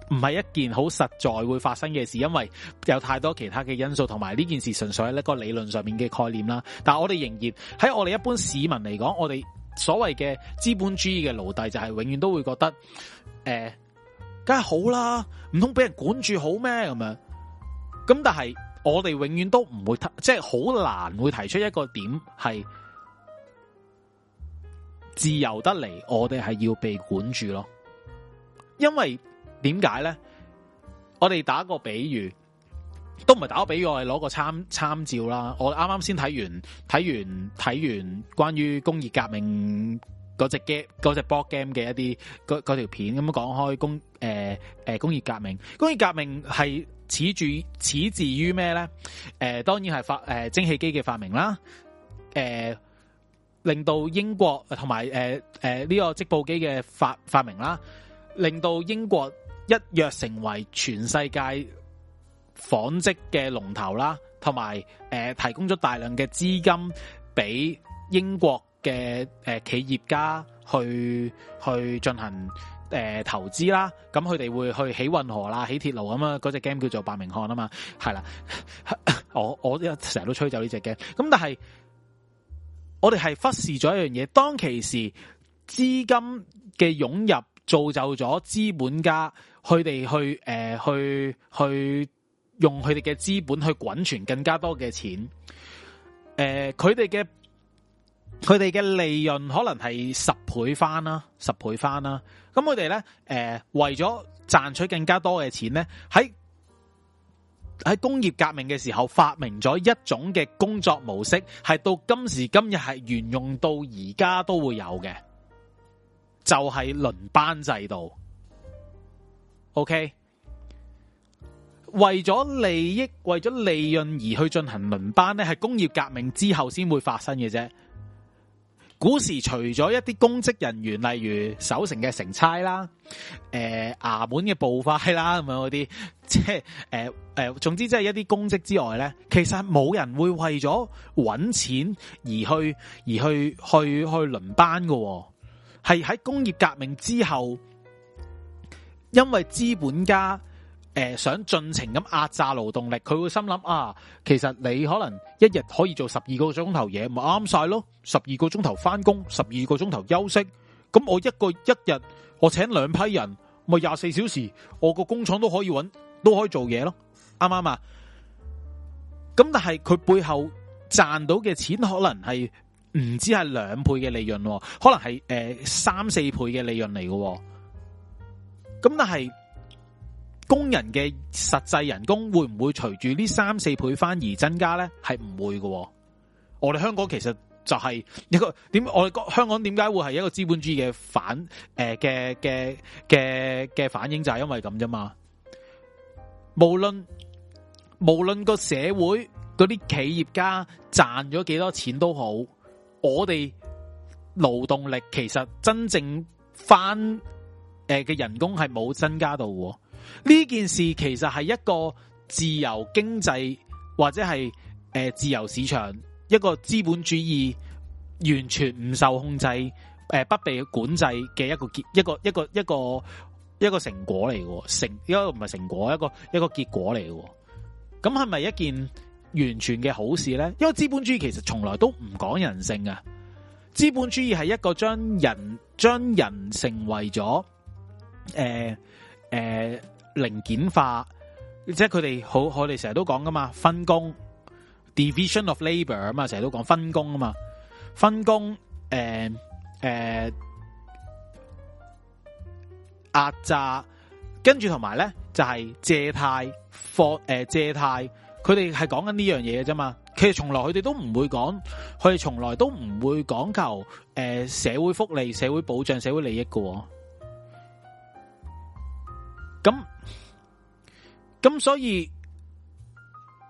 唔係一件好實在會發生嘅事，因為有太多其他嘅因素，同埋呢件事純粹係一個理論上面嘅概念啦。但係我哋仍然喺我哋一般市民嚟講，我哋所謂嘅資本主義嘅奴隸，就係永遠都會覺得誒，梗係好啦，唔通俾人管住好咩咁樣？咁但係我哋永遠都唔會，即係好難會提出一個點係自由得嚟，我哋係要被管住咯，因為。點解咧？我哋打個比喻，都唔係打個比喻，係攞個參參照啦。我啱啱先睇完睇完睇完關於工業革命嗰隻 game 嗰隻 box game 嘅一啲嗰嗰條片，咁講開工誒誒、呃呃、工業革命，工業革命係始住始自於咩咧？誒、呃，當然係發誒、呃、蒸汽機嘅發明啦。誒，令到英國同埋誒誒呢個織布機嘅發發明啦，令到英國。一躍成為全世界紡織嘅龍頭啦，同埋誒提供咗大量嘅資金俾英國嘅誒、呃、企業家去去進行誒、呃、投資啦。咁佢哋會去起運河啦、起鐵路啊嘛。隻、那、game、個、叫做伯明翰啊嘛，係啦。 我我又成日都吹走呢隻 game。咁但係我哋係忽視咗一樣嘢，當其時資金嘅湧入。造就咗資本家，佢哋去誒、呃，去去用佢哋嘅資本去滾存更加多嘅錢。誒、呃，佢哋嘅佢哋嘅利潤可能係十倍翻啦，十倍翻啦。咁佢哋咧，誒、呃，為咗賺取更加多嘅錢咧，喺喺工業革命嘅時候發明咗一種嘅工作模式，係到今時今日係沿用到而家都會有嘅。就係、是、輪班制度，OK？為咗利益、為咗利潤而去進行輪班呢係工業革命之後先會發生嘅啫。古時除咗一啲公職人員，例如守城嘅城差啦、誒、呃、衙門嘅捕快啦咁樣嗰啲，即係誒誒，總之即係一啲公職之外呢，其實冇人會為咗揾錢而去、而去、去、去輪班噶。係喺工業革命之後，因為資本家誒、呃、想盡情咁壓榨勞動力，佢會心諗啊，其實你可能一日可以做十二個鐘頭嘢，咪啱晒咯。十二個鐘頭翻工，十二個鐘頭休息，咁我一個一日我請兩批人，咪廿四小時，我個工廠都可以揾，都可以做嘢咯，啱唔啱啊？咁但係佢背後賺到嘅錢，可能係。唔知係兩倍嘅利潤，可能係誒三四倍嘅利潤嚟嘅。咁但係工人嘅實際人工會唔會隨住呢三四倍翻而增加咧？係唔會嘅。我哋香港其實就係一個點，我哋香港點解會係一個資本主義嘅反誒嘅嘅嘅嘅反應就係因為咁啫嘛。無論無論個社會嗰啲企業家賺咗幾多錢都好。我哋勞動力其實真正翻誒嘅人工係冇增加到，呢件事其實係一個自由經濟或者係誒自由市場一個資本主義完全唔受控制誒不被管制嘅一個結一個一個一個一個成果嚟嘅，成應該唔係成果一個一個結果嚟嘅，咁係咪一件？完全嘅好事咧，因為資本主義其實從來都唔講人性啊，資本主義係一個將人將人成為咗誒誒零件化，即係佢哋好我哋成日都講噶嘛，分工 division of labor 啊嘛，成日都講分工啊嘛，分工誒誒、呃呃、壓榨，跟住同埋咧就係借貸貨誒借貸。佢哋係講緊呢樣嘢嘅啫嘛，其實從來佢哋都唔會講，佢哋從來都唔會講求誒、呃、社會福利、社會保障、社會利益嘅、哦。咁、嗯、咁、嗯嗯、所以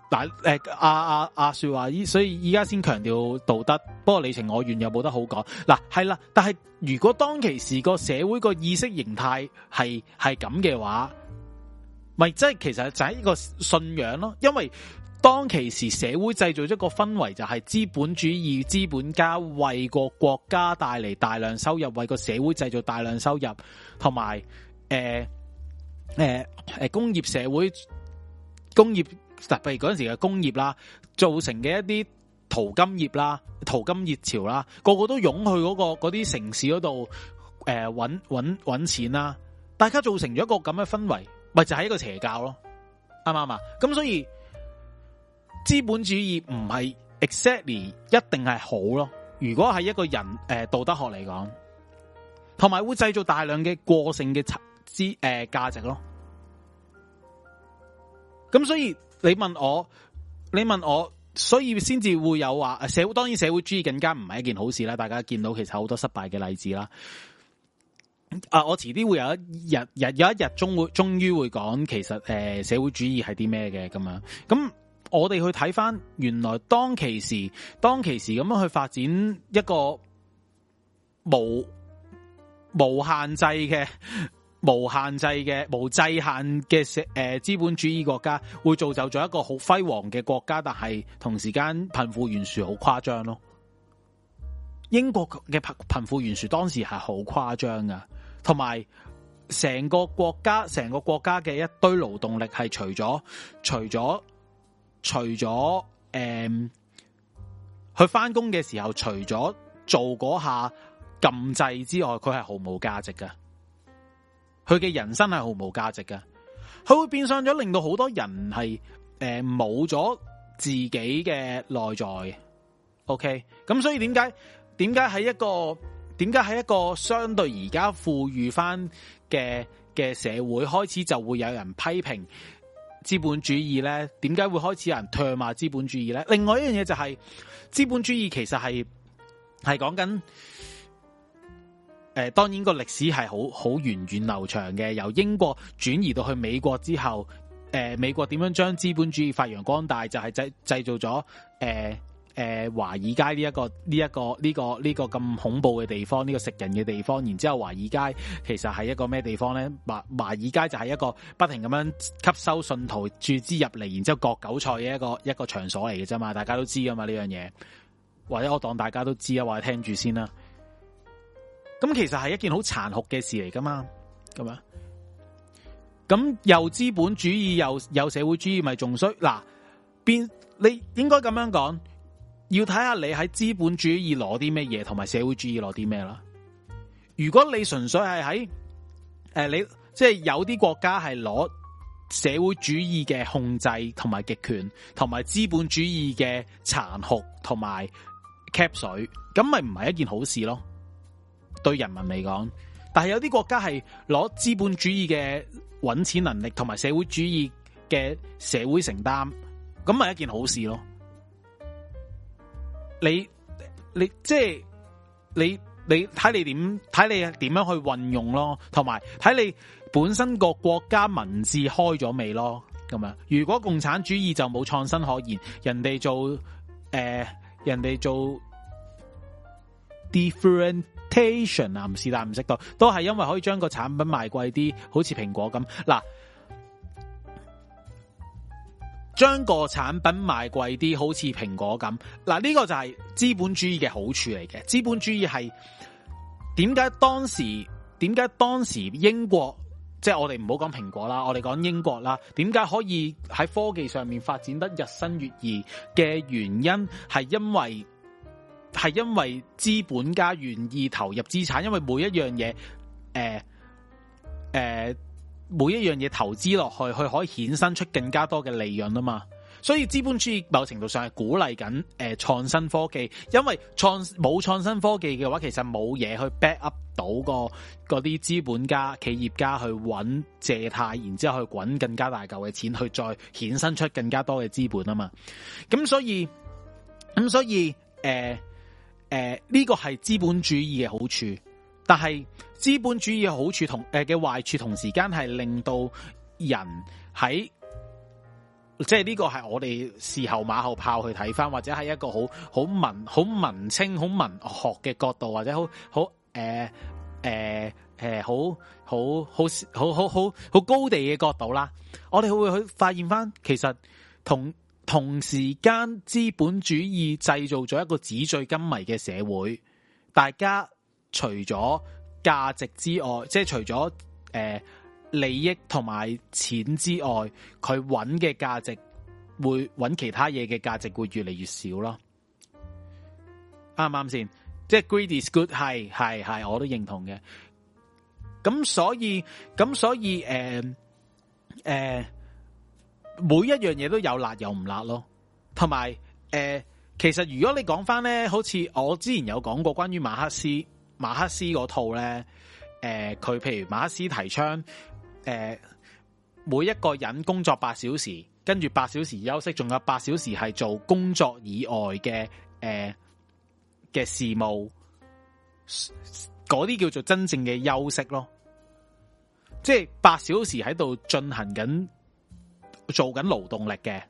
嗱誒阿阿阿雪話，所以依家先強調道德。不過你情我願又冇得好講。嗱係啦，但係如果當其時個社會個意識形態係係咁嘅話。咪即係其實就係一個信仰咯，因為當其時社會製造咗個氛圍，就係資本主義資本家為個國家帶嚟大量收入，為個社會製造大量收入，同埋誒誒誒工業社會工業，譬如嗰陣時嘅工業啦，造成嘅一啲淘金業啦、淘金熱潮啦，個個都湧去嗰、嗰個嗰啲城市嗰度誒揾揾揾錢啦，大家造成咗一個咁嘅氛圍。咪就係、是、一個邪教咯，啱唔啱？咁所以資本主義唔係 exactly 一定係好咯，如果係一個人誒道德學嚟講，同埋會製造大量嘅過性嘅價誒價值咯。咁所以你問我，你問我，所以先至會有話當社會，當然社會主義更加唔係一件好事啦。大家見到其實好多失敗嘅例子啦。啊！我遲啲會有一日日有一日終會終於會講，其實誒、呃，社會主義係啲咩嘅咁樣？咁我哋去睇返，原來當其時當其時咁樣去發展一個無無限制嘅無限制嘅無制限嘅誒、呃、資本主義國家，會造就咗一個好輝煌嘅國家，但係同時間貧富懸殊好誇張咯。英國嘅貧貧富懸殊當時係好誇張㗎。同埋成個國家，成個國家嘅一堆勞動力係除咗，除咗，除咗，誒、呃，佢翻工嘅時候，除咗做嗰下撳掣之外，佢係毫無價值㗎。佢嘅人生係毫無價值㗎。佢會變相咗令到好多人係誒冇咗自己嘅內在。OK，咁所以點解點解喺一個？點解喺一個相對而家富裕翻嘅嘅社會，開始就會有人批評資本主義呢？點解會開始有人唾罵資本主義呢？另外一樣嘢就係、是、資本主義其實係係講緊誒，當然個歷史係好好源遠流長嘅。由英國轉移到去美國之後，誒、呃，美國點樣將資本主義發揚光大，就係、是、製製造咗誒。呃誒、呃，華爾街呢、這、一個呢一、這個呢、這個呢、這個咁恐怖嘅地方，呢、這個食人嘅地方，然之後華爾街其實係一個咩地方咧？華華爾街就係一個不停咁樣吸收信徒注資入嚟，然之後割韭菜嘅一個一個場所嚟嘅啫嘛，大家都知噶嘛呢樣嘢，或者我當大家都知啊，或者聽住先啦。咁其實係一件好殘酷嘅事嚟噶嘛，咁樣咁又資本主義又又社會主義，咪仲衰嗱？嗱，你應該咁樣講。要睇下你喺資本主義攞啲咩嘢，同埋社會主義攞啲咩啦。如果你純粹係喺誒，你即係、就是、有啲國家係攞社會主義嘅控制同埋極權，同埋資本主義嘅殘酷同埋 cap 水，咁咪唔係一件好事咯，對人民嚟講。但係有啲國家係攞資本主義嘅搵錢能力，同埋社會主義嘅社會承擔，咁咪一件好事咯。你你即係你你睇你點睇你點樣去運用咯，同埋睇你本身個國家文字開咗未咯，咁啊！如果共產主義就冇創新可言，人哋做誒、呃、人哋做 differentiation 啊，唔是但唔識到，都係因為可以將個產品賣貴啲，好似蘋果咁嗱，將個產品賣貴啲，好似蘋果咁。嗱，呢、啊，這個就係資本主義嘅好處嚟嘅。資本主義係點解當時點解當時英國即係、就是、我哋唔好講蘋果啦，我哋講英國啦，點解可以喺科技上面發展得日新月異嘅原因係因為係因為資本家願意投入資產，因為每一樣嘢，誒誒。呃呃每一樣嘢投資落去，佢可以衍生出更加多嘅利潤啊嘛！所以資本主義某程度上係鼓勵緊誒創新科技，因為創冇創新科技嘅話，其實冇嘢去 back up 到個嗰啲資本家、企業家去搵借貸，然之後去滾更加大嚿嘅錢，去再衍生出更加多嘅資本啊嘛！咁所以咁所以誒誒呢個係資本主義嘅好處。但係資本主義嘅好處同誒嘅壞處同時間係令到人喺即係呢個係我哋事後馬後炮去睇翻，或者係一個好好文好文青好文學嘅角度，或者很很、欸欸欸欸、好好誒誒誒好好好好好好高地嘅角度啦。我哋會會去發現翻，其實同同時間資本主義製造咗一個紙醉金迷嘅社會，大家。除咗價值之外，即係除咗誒、呃、利益同埋錢之外，佢揾嘅價值會揾其他嘢嘅價值會越嚟越少咯，啱唔啱先？即 係 greed is good，係係係，我都認同嘅。咁所以咁所以誒誒、呃呃，每一樣嘢都有辣有唔辣咯。同埋誒，其實如果你講翻咧，好似我之前有講過關於馬克思。馬克思嗰套咧，誒、呃，佢譬如馬克思提倡，誒、呃，每一個人工作八小時，跟住八小時休息，仲有八小時係做工作以外嘅，誒、呃、嘅事務，嗰啲叫做真正嘅休息咯。即係八小時喺度進行緊做緊勞動力嘅，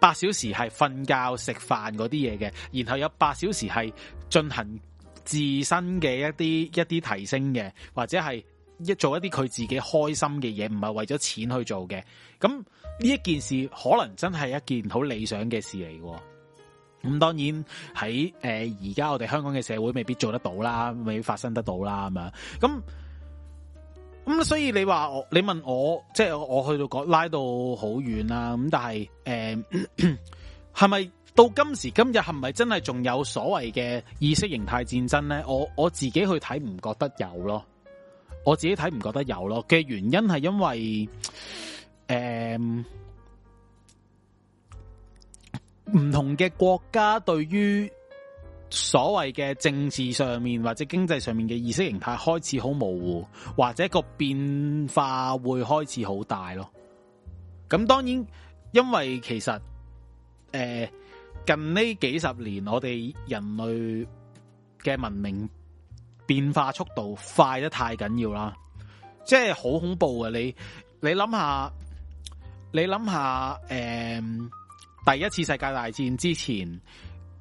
八小時係瞓覺食飯嗰啲嘢嘅，然後有八小時係進行。自身嘅一啲一啲提升嘅，或者係一做一啲佢自己開心嘅嘢，唔係為咗錢去做嘅。咁呢一件事可能真係一件好理想嘅事嚟嘅。咁當然喺誒而家我哋香港嘅社會未必做得到啦，未必發生得到啦咁樣。咁咁所以你話我，你問我，即係我，我去到嗰拉到好遠啦。咁但係誒係咪？呃 是到今時今日，係咪真係仲有所謂嘅意識形態戰爭呢？我我自己去睇唔覺得有咯，我自己睇唔覺得有咯嘅原因係因為，誒、嗯，唔同嘅國家對於所謂嘅政治上面或者經濟上面嘅意識形態開始好模糊，或者個變化會開始好大咯。咁當然，因為其實誒。嗯近呢幾十年，我哋人類嘅文明變化速度快得太緊要啦，即係好恐怖啊！你你諗下，你諗下，誒、嗯，第一次世界大戰之前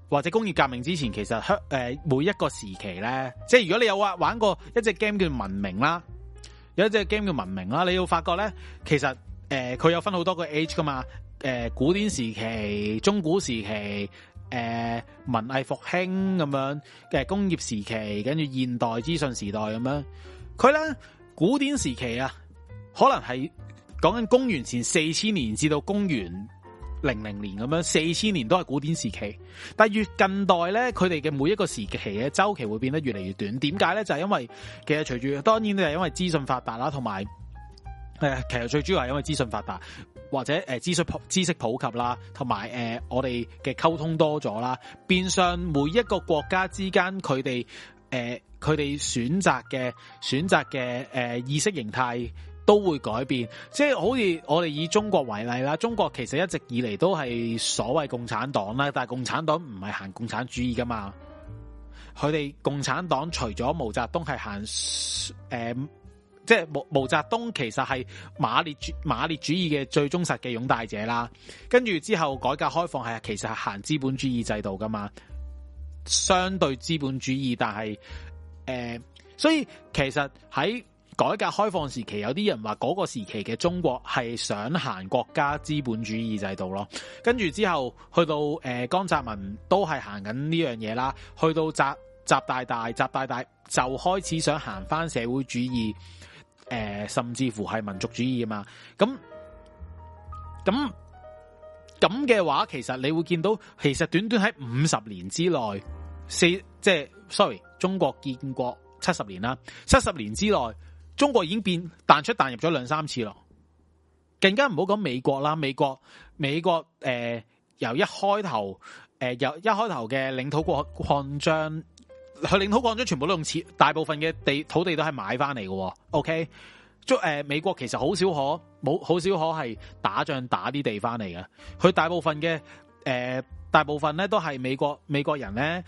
或者工業革命之前，其實香誒每一個時期咧，即係如果你有玩玩過一隻 game 叫文明啦，有一隻 game 叫文明啦，你會發覺咧，其實誒佢、嗯、有分好多個 age 噶嘛。誒，古典時期、中古時期、誒文藝復興咁樣嘅工業時期，跟住現代資訊時代咁樣。佢咧古典時期啊，可能係講緊公元前四千年至到公元零零年咁樣，四千年都係古典時期。但係越近代咧，佢哋嘅每一個時期嘅周期會變得越嚟越短。點解咧？就係因為其實隨住，當然都係因為資訊發達啦，同埋誒，其實最主要係因為資訊發達。或者誒知識普知識普及啦，同埋誒我哋嘅溝通多咗啦，變相每一個國家之間佢哋誒佢哋選擇嘅選擇嘅誒意識形態都會改變，即係好似我哋以中國為例啦，中國其實一直以嚟都係所謂共產黨啦，但係共產黨唔係行共產主義噶嘛，佢哋共產黨除咗毛澤東係行誒。呃即係毛毛澤東其實係馬列主馬列主義嘅最忠實嘅擁戴者啦。跟住之後，改革開放係其實係行資本主義制度噶嘛，相對資本主義，但係誒、呃，所以其實喺改革開放時期，有啲人話嗰個時期嘅中國係想行國家資本主義制度咯。跟住之後，去到誒、呃、江澤民都係行緊呢樣嘢啦。去到習習大大，習大大就開始想行翻社會主義。誒、呃，甚至乎係民族主義嘛。咁咁咁嘅話，其實你會見到，其實短短喺五十年之內，四即係，sorry，中國建國七十年啦，七十年之內，中國已經變彈出彈入咗兩三次咯。更加唔好講美國啦，美國美國誒、呃，由一開頭誒，由、呃、一開頭嘅領土國擴張。佢領土擴咗，全部都用錢、okay? 呃，大部分嘅地土地都係買翻嚟嘅。O K，即係美國其實好少可冇好少可係打仗打啲地翻嚟嘅。佢大部分嘅大部分咧都係美國美國人咧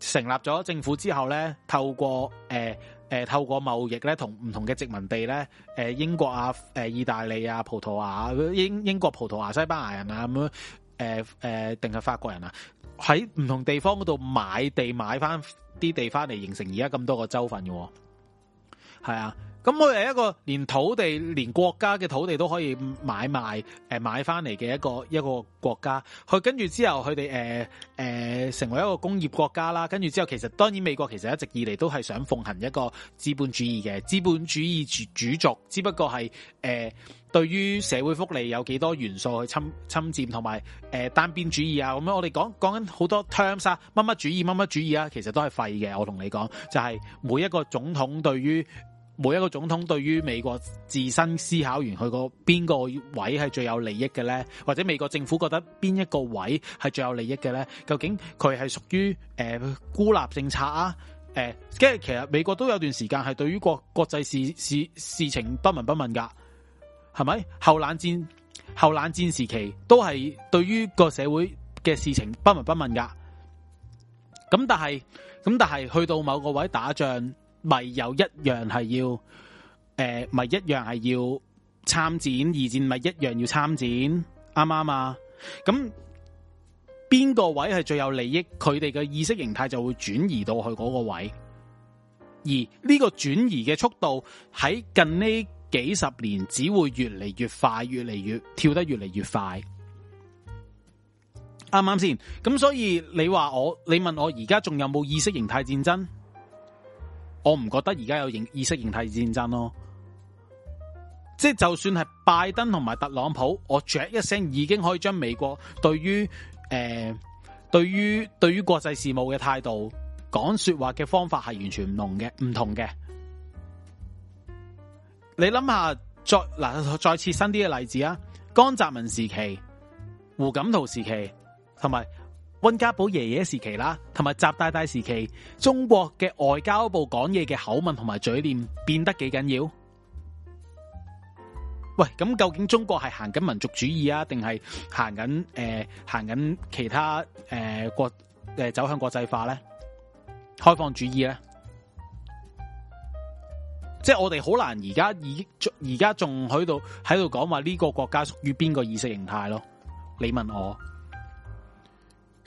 成立咗政府之後咧，透過、呃、透過貿易咧同唔同嘅殖民地咧，英國啊意大利啊葡萄牙啊英英國葡萄牙西班牙人啊咁樣定係法國人啊喺唔同地方嗰度買地買翻。啲地翻嚟形成而家咁多個州份嘅，係啊。咁佢係一個連土地、連國家嘅土地都可以買賣，誒買翻嚟嘅一個一個國家。佢跟住之後，佢哋誒誒成為一個工業國家啦。跟住之後，其實當然美國其實一直以嚟都係想奉行一個資本主義嘅資本主義主主族，只不過係誒、呃、對於社會福利有幾多元素去侵侵佔，同埋誒單邊主義啊咁樣。我哋講講緊好多 terms 乜乜主義啊、乜乜主義啊，其實都係廢嘅。我同你講，就係、是、每一個總統對於。每一個總統對於美國自身思考完佢個邊個位係最有利益嘅呢，或者美國政府覺得邊一個位係最有利益嘅呢，究竟佢係屬於呃，孤立政策啊？呃，跟住其實美國都有段時間係對於國國際事事事情不聞不問噶，係咪？後冷戰後冷戰時期都係對於個社會嘅事情不聞不問噶。咁但係咁但係去到某個位打仗。咪有一樣係要，誒、呃，咪一樣係要參戰，二戰咪一樣要參戰。啱唔啱啊？咁邊個位係最有利益？佢哋嘅意識形態就會轉移到去嗰個位，而呢個轉移嘅速度喺近呢幾十年只會越嚟越快，越嚟越跳得越嚟越快，啱唔啱先？咁所以你話我，你問我而家仲有冇意識形態戰爭？我唔覺得而家有形意識形態戰爭咯，即係就算係拜登同埋特朗普，我著一聲已經可以將美國對於誒、呃、對於對於國際事務嘅態度、講說話嘅方法係完全唔同嘅，唔同嘅。你諗下，再嗱再切身啲嘅例子啊，江澤民時期、胡錦濤時期同埋。溫家寶爺爺時期啦，同埋習大大時期，中國嘅外交部講嘢嘅口吻同埋嘴臉變得幾緊要？喂，咁究竟中國係行緊民族主義啊，定係行緊誒行緊其他誒、呃、國誒走向國際化咧？開放主義咧？即係我哋好難而家已而家仲喺度喺度講話呢個國家屬於邊個意識形態咯？你問我？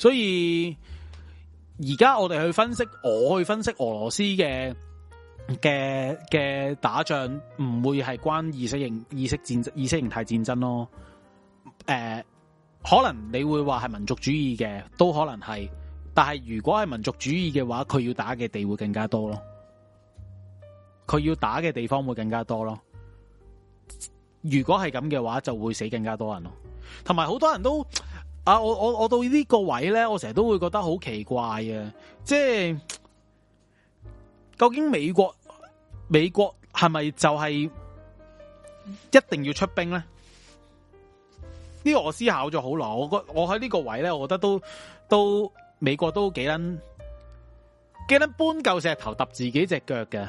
所以而家我哋去分析，我去分析俄羅斯嘅嘅嘅打仗，唔會係關意識形意識戰，意識戰，意識形態戰爭咯。誒，uh，可能你會話係民族主義嘅，都可能係。但係如果係民族主義嘅話，佢要打嘅地會更加多咯，佢要打嘅地方會更加多咯。如果係咁嘅話，就會死更加多人咯。同埋好多人都。啊！我我我到呢個位咧，我成日都會覺得好奇怪啊。即係究竟美國美國係咪就係一定要出兵咧？呢個我思考咗好耐，我覺我喺呢個位咧，我覺得都都美國都幾捻幾捻搬嚿石頭揼自己隻腳嘅。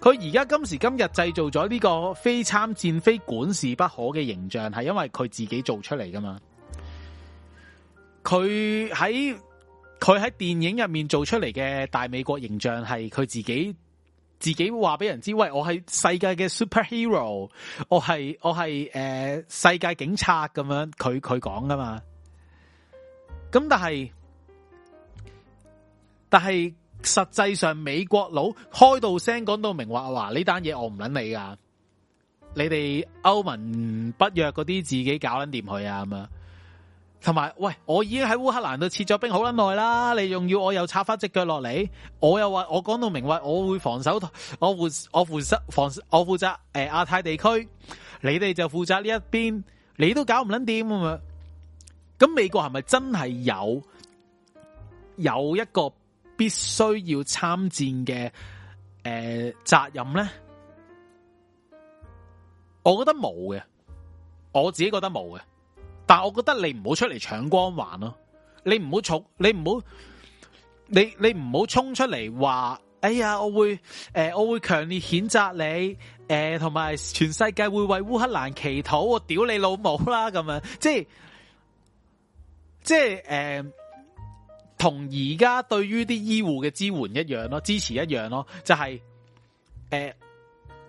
佢而家今時今日製造咗呢個非參戰非管事不可嘅形象，係因為佢自己做出嚟噶嘛。佢喺佢喺電影入面做出嚟嘅大美國形象，係佢自己自己話俾人知，喂，我係世界嘅 superhero，我係我係誒、呃、世界警察咁樣，佢佢講噶嘛。咁但係但係實際上美國佬開到聲講到明話，話呢單嘢我唔捻你噶，你哋歐盟不約嗰啲自己搞捻掂佢啊咁啊！同埋，喂，我已經喺烏克蘭度撤咗兵好捻耐啦，你仲要我又插翻隻腳落嚟？我又話我講到明話，我會防守，我會我負責防，我負責誒亞太地區，你哋就負責呢一邊，你都搞唔捻掂啊！咁美國係咪真係有有一個必須要參戰嘅誒責任咧？我覺得冇嘅，我自己覺得冇嘅。但我覺得你唔好出嚟搶光環咯，你唔好衝，你唔好，你你唔好衝出嚟話，哎呀，我會，誒，我會強烈譴責你，誒，同埋全世界會為烏克蘭祈禱，我屌你老母啦，咁樣，即係，即係，誒，同而家對於啲醫護嘅支援一樣咯，支持一樣咯，就係，誒，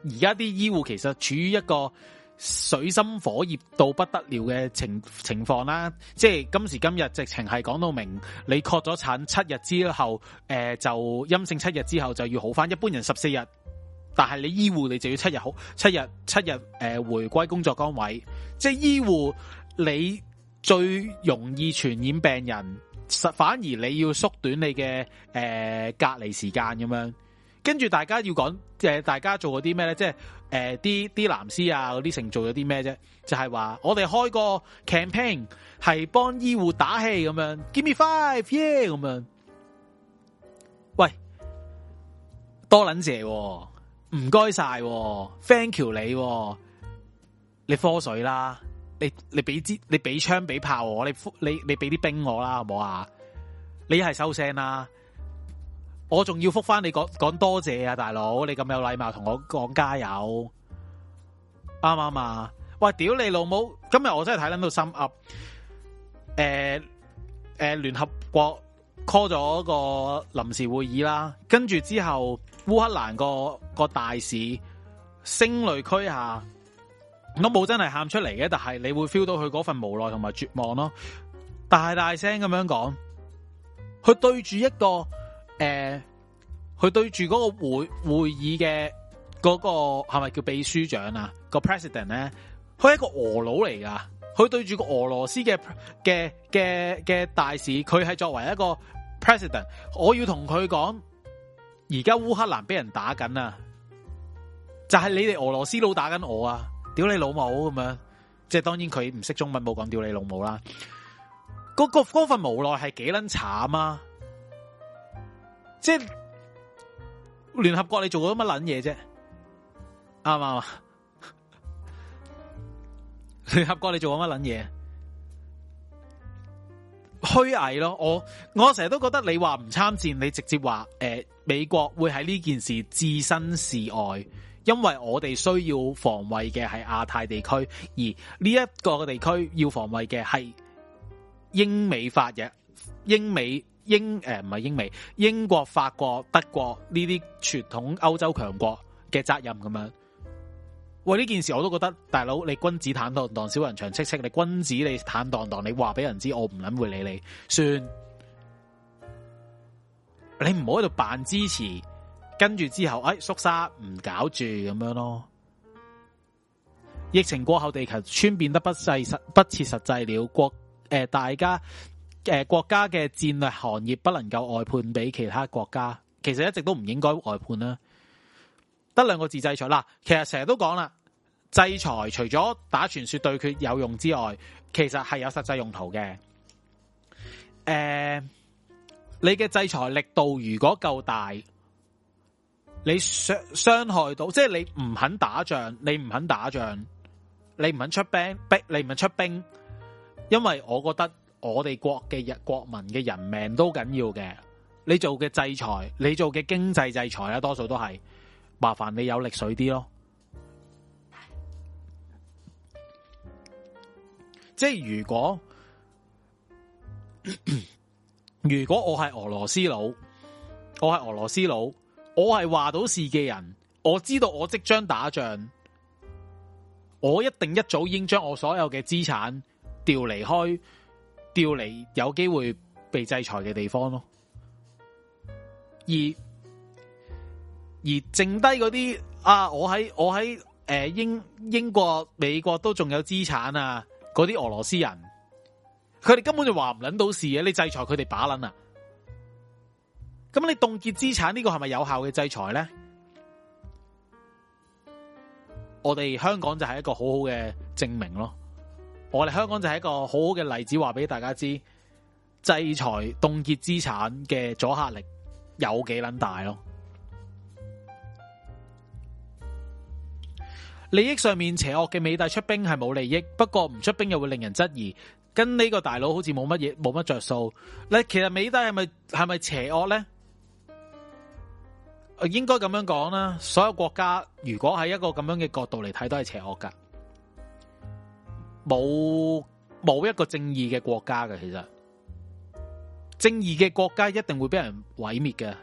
而家啲醫護其實處於一個。水深火熱到不得了嘅情情況啦，即係今時今日直情係講到明，你確咗診七日之後，誒、呃，就陰性七日之後就要好翻。一般人十四日，但係你醫護你就要七日好，七日七日誒、呃、回歸工作崗位。即係醫護你最容易傳染病人，實反而，你要縮短你嘅誒、呃、隔離時間咁樣。跟住大家要講誒、呃，大家做過啲咩咧？即係。誒、呃，啲啲藍絲啊，嗰啲成做咗啲咩啫？就係、是、話我哋開個 campaign 係幫醫護打氣咁樣，give me five yeah 咁樣。喂，多捻、啊啊、謝，唔該晒，thank you 你、啊，你科水啦，你你俾支你俾槍俾炮我，你你你俾啲兵我啦，好唔好啊？你係收聲啦！我仲要覆翻你講講多謝啊，大佬，你咁有禮貌同我講加油，啱唔啱啊？喂，屌你老母！今日我真係睇捻到心噏。誒、呃、誒，聯合國 call 咗個臨時會議啦，跟住之後烏克蘭個個大使聲淚俱下，都冇真係喊出嚟嘅，但係你會 feel 到佢嗰份無奈同埋絕望咯，大大聲咁樣講，佢對住一個。誒、呃，佢對住嗰個會會議嘅嗰、嗰個係咪叫秘書長啊、個 president 咧？佢係一個俄佬嚟噶，佢對住個俄羅斯嘅嘅嘅嘅大使，佢係作為一個 president，我要同佢講，而家烏克蘭俾人打緊啊，就係、係、你哋俄羅斯佬打緊我啊！屌你老母咁樣，即係當然佢唔識中文，冇講屌你老母啦。嗰個份無奈係幾捻慘啊！即係聯合國，你做過乜撚嘢啫？啱唔啱啊？聯 合國，你做過乜撚嘢？虛偽咯！我我成日都覺得你話唔參戰，你直接話誒、呃，美國會喺呢件事置身事外，因為我哋需要防衛嘅係亞太地區，而呢一個地區要防衛嘅係英美法日。英美。英誒唔係英美，英國、法國、德國呢啲傳統歐洲強國嘅責任咁樣。喂，呢件事我都覺得，大佬你君子坦蕩蕩，小人長戚戚。你君子你坦蕩蕩，你話俾人知，我唔諗會理你，算。你唔好喺度扮支持，跟住之後，誒、哎，縮沙唔搞住咁樣咯。疫情過後，地球村變得不實、不切實際了。國誒、呃，大家。誒，國家嘅戰略行業不能夠外判俾其他國家。其實一直都唔應該外判啦，得兩個字制裁啦。其實成日都講啦，制裁除咗打傳說對決有用之外，其實係有實際用途嘅。誒、呃，你嘅制裁力度如果夠大，你傷傷害到，即係你唔肯打仗，你唔肯打仗，你唔肯出兵，逼你唔肯出兵，因為我覺得。我哋國嘅人、國民嘅人命都緊要嘅。你做嘅制裁，你做嘅經濟制裁啊，多數都係麻煩你有力水啲咯。即係如果如果我係俄羅斯佬，我係俄羅斯佬，我係話到事嘅人，我知道我即將打仗，我一定一早已經將我所有嘅資產調離開。調離有機會被制裁嘅地方咯，而而剩低嗰啲啊，我喺我喺誒、呃、英英國美國都仲有資產啊，嗰啲俄羅斯人，佢哋根本就話唔撚到事嘅，你制裁佢哋把撚啊，咁你凍結資產呢個係咪有效嘅制裁咧？我哋香港就係一個好好嘅證明咯。我哋香港就係一個好好嘅例子，話俾大家知，制裁凍結資產嘅阻吓力有幾撚大咯！利益上面邪惡嘅美帝出兵係冇利益，不過唔出兵又會令人質疑，跟呢個大佬好似冇乜嘢，冇乜着數。你其實美帝係咪係咪邪惡咧？應該咁樣講啦，所有國家如果喺一個咁樣嘅角度嚟睇，都係邪惡噶。冇冇一個正義嘅國家嘅，其實正義嘅國家一定會俾人毀滅嘅。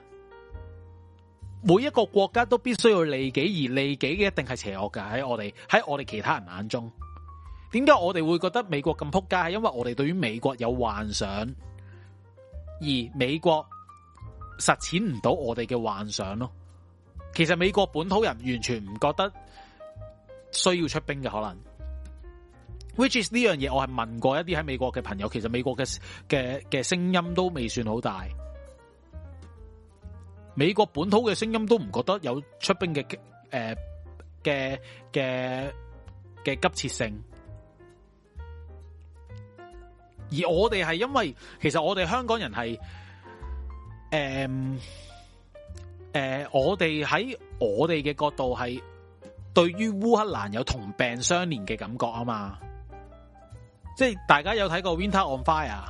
每一個國家都必須要利己，而利己嘅一定係邪惡嘅。喺我哋喺我哋其他人眼中，點解我哋會覺得美國咁撲街？係因為我哋對於美國有幻想，而美國實踐唔到我哋嘅幻想咯。其實美國本土人完全唔覺得需要出兵嘅可能。Which is 呢樣嘢，我係問過一啲喺美國嘅朋友，其實美國嘅嘅嘅聲音都未算好大，美國本土嘅聲音都唔覺得有出兵嘅誒嘅嘅嘅急切性，而我哋係因為其實我哋香港人係誒誒，我哋喺我哋嘅角度係對於烏克蘭有同病相憐嘅感覺啊嘛。即係大家有睇過 Winter on Fire，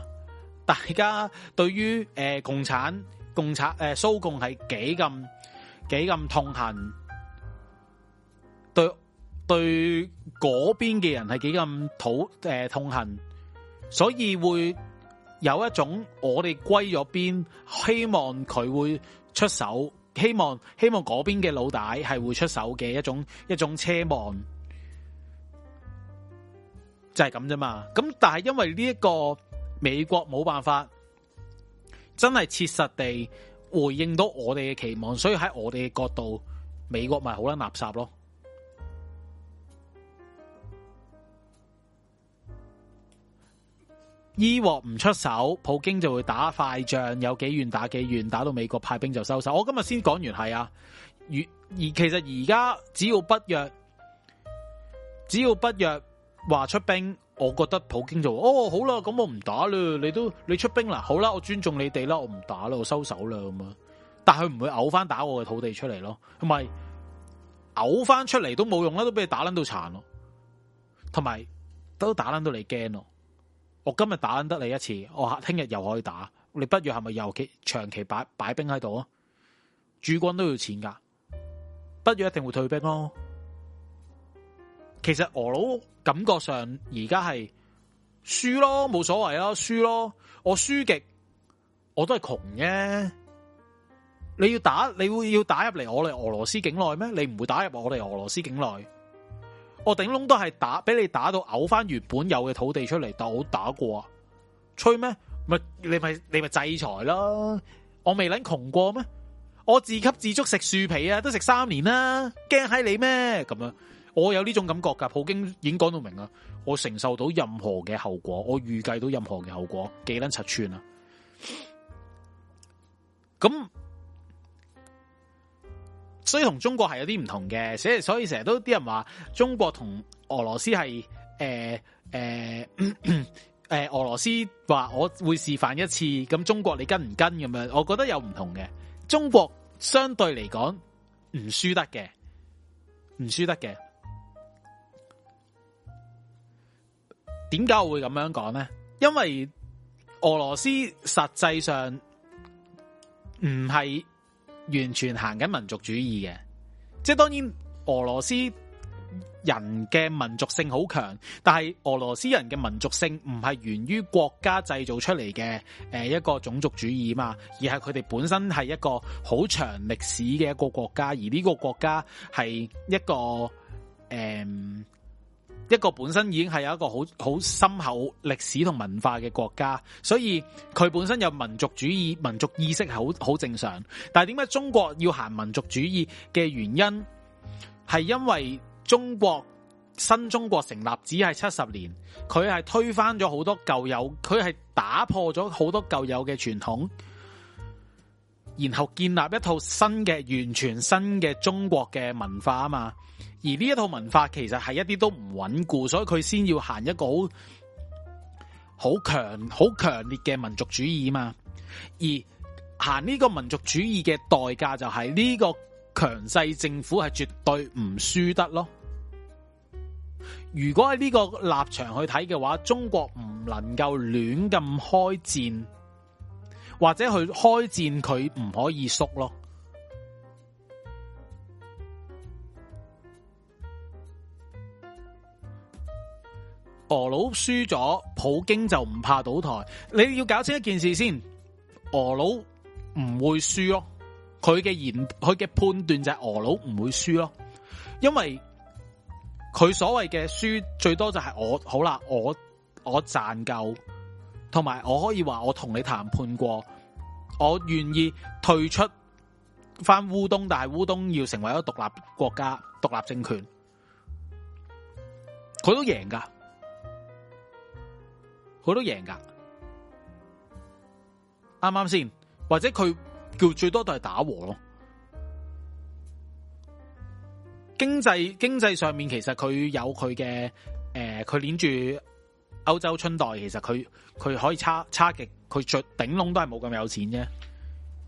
大家對於誒共產、共產誒蘇共係幾咁幾咁痛恨，對對嗰邊嘅人係幾咁討誒痛恨，所以會有一種我哋歸咗邊，希望佢會出手，希望希望嗰邊嘅老大係會出手嘅一種一種奢望。就係咁啫嘛，咁但係，因為呢一個美國冇辦法，真係切實地回應到我哋嘅期望，所以喺我哋嘅角度，美國咪好撚垃圾咯。伊沃唔出手，普京就會打快仗，有幾遠打幾遠，打到美國派兵就收手。我今日先講完係啊，而而其實而家只要北約，只要北約。話出兵，我覺得普京就哦，好啦，咁我唔打啦，你都你出兵啦，好啦，我尊重你哋啦，我唔打啦，我收手啦咁樣。但係佢唔會嘔翻打我嘅土地出嚟咯，同埋嘔翻出嚟都冇用啦，都俾你打捻到殘咯，同埋都打捻到你驚咯，我今日打捻得你一次，我聽日又可以打，你北約係咪又期長期擺擺兵喺度啊？駐軍都要錢噶，北約一定會退兵咯。其實俄佬感覺上而家係輸咯，冇所謂啦，輸咯，我輸極我都係窮嘅。你要打，你會要打入嚟我哋俄羅斯境內咩？你唔會打入我哋俄羅斯境內。我頂籠都係打，俾你打到嘔翻原本有嘅土地出嚟，但我打過，吹咩？咪你咪你咪制裁咯！我未撚窮過咩？我自給自足食樹皮啊，都食三年啦，驚喺你咩？咁樣。我有呢種感覺㗎，普京已經講到明啦。我承受到任何嘅後果，我預計到任何嘅後果，幾捻七寸啊？咁所以同中國係有啲唔同嘅，所以所以成日都有啲人話中國同俄羅斯係誒誒誒俄羅斯話我會示範一次，咁中國你跟唔跟？咁樣我覺得有唔同嘅，中國相對嚟講唔輸得嘅，唔輸得嘅。點解我會咁樣講呢？因為俄羅斯實際上唔係完全行緊民族主義嘅，即係當然俄羅斯人嘅民族性好強，但係俄羅斯人嘅民族性唔係源於國家製造出嚟嘅，誒一個種族主義嘛，而係佢哋本身係一個好長歷史嘅一個國家，而呢個國家係一個誒。嗯一個本身已經係有一個好好深厚歷史同文化嘅國家，所以佢本身有民族主義、民族意識係好好正常。但係點解中國要行民族主義嘅原因，係因為中國新中國成立只係七十年，佢係推翻咗好多舊有，佢係打破咗好多舊有嘅傳統，然後建立一套新嘅、完全新嘅中國嘅文化啊嘛。而呢一套文化其實係一啲都唔穩固，所以佢先要行一個好好強、好強烈嘅民族主義嘛。而行呢個民族主義嘅代價就係、是、呢、這個強勢政府係絕對唔輸得咯。如果喺呢個立場去睇嘅話，中國唔能夠亂咁開戰，或者佢開戰佢唔可以縮咯。俄佬輸咗，普京就唔怕倒台。你要搞清一件事先，俄佬唔會輸咯，哦。佢嘅言，佢嘅判斷就係俄佬唔會輸咯，哦。因為佢所謂嘅輸最多就係我好啦，我我賺夠，同埋我可以話我同你談判過，我願意退出返烏東，但係烏東要成為一個獨立國家、獨立政權，佢都贏㗎。佢都贏噶，啱啱先，或者佢叫最多都係打和咯。經濟經濟上面其實佢有佢嘅，誒佢連住歐洲春代，其實佢佢可以差差極，佢最頂籠都係冇咁有錢啫，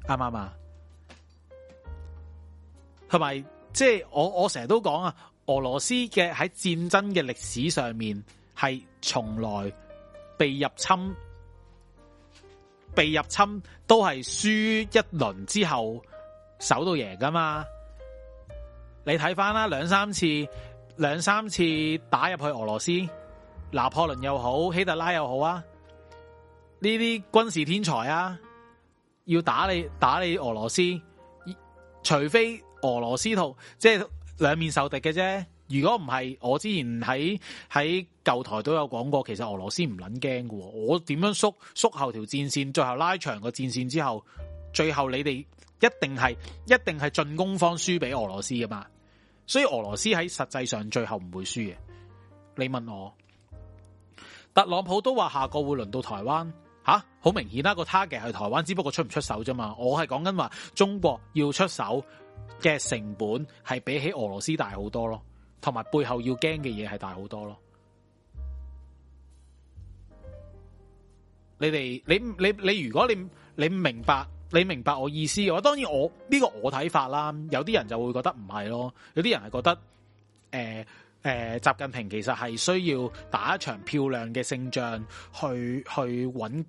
啱啱啊？同埋即係我我成日都講啊，俄羅斯嘅喺戰爭嘅歷史上面係從來。被入侵，被入侵都係輸一輪之後，守到贏噶嘛？你睇翻啦，兩三次，兩三次打入去俄羅斯，拿破崙又好，希特拉又好啊，呢啲軍事天才啊，要打你打你俄羅斯，除非俄羅斯同即係兩面受敵嘅啫。如果唔係，我之前喺喺舊台都有講過，其實俄羅斯唔捻驚嘅。我點樣縮縮後條戰線，最後拉長個戰線之後，最後你哋一定係一定係進攻方輸俾俄羅斯噶嘛？所以俄羅斯喺實際上最後唔會輸嘅。你問我，特朗普都話下個會輪到台灣吓，好明顯啦，個 target 係台灣，只不過出唔出手啫嘛。我係講緊話中國要出手嘅成本係比起俄羅斯大好多咯。同埋背後要驚嘅嘢係大好多咯，你哋你你你如果你你明白你明白我意思嘅話，當然我呢、這個我睇法啦。有啲人就會覺得唔係咯，有啲人係覺得，誒、呃、誒，習近平其實係需要打一場漂亮嘅勝仗去去揾，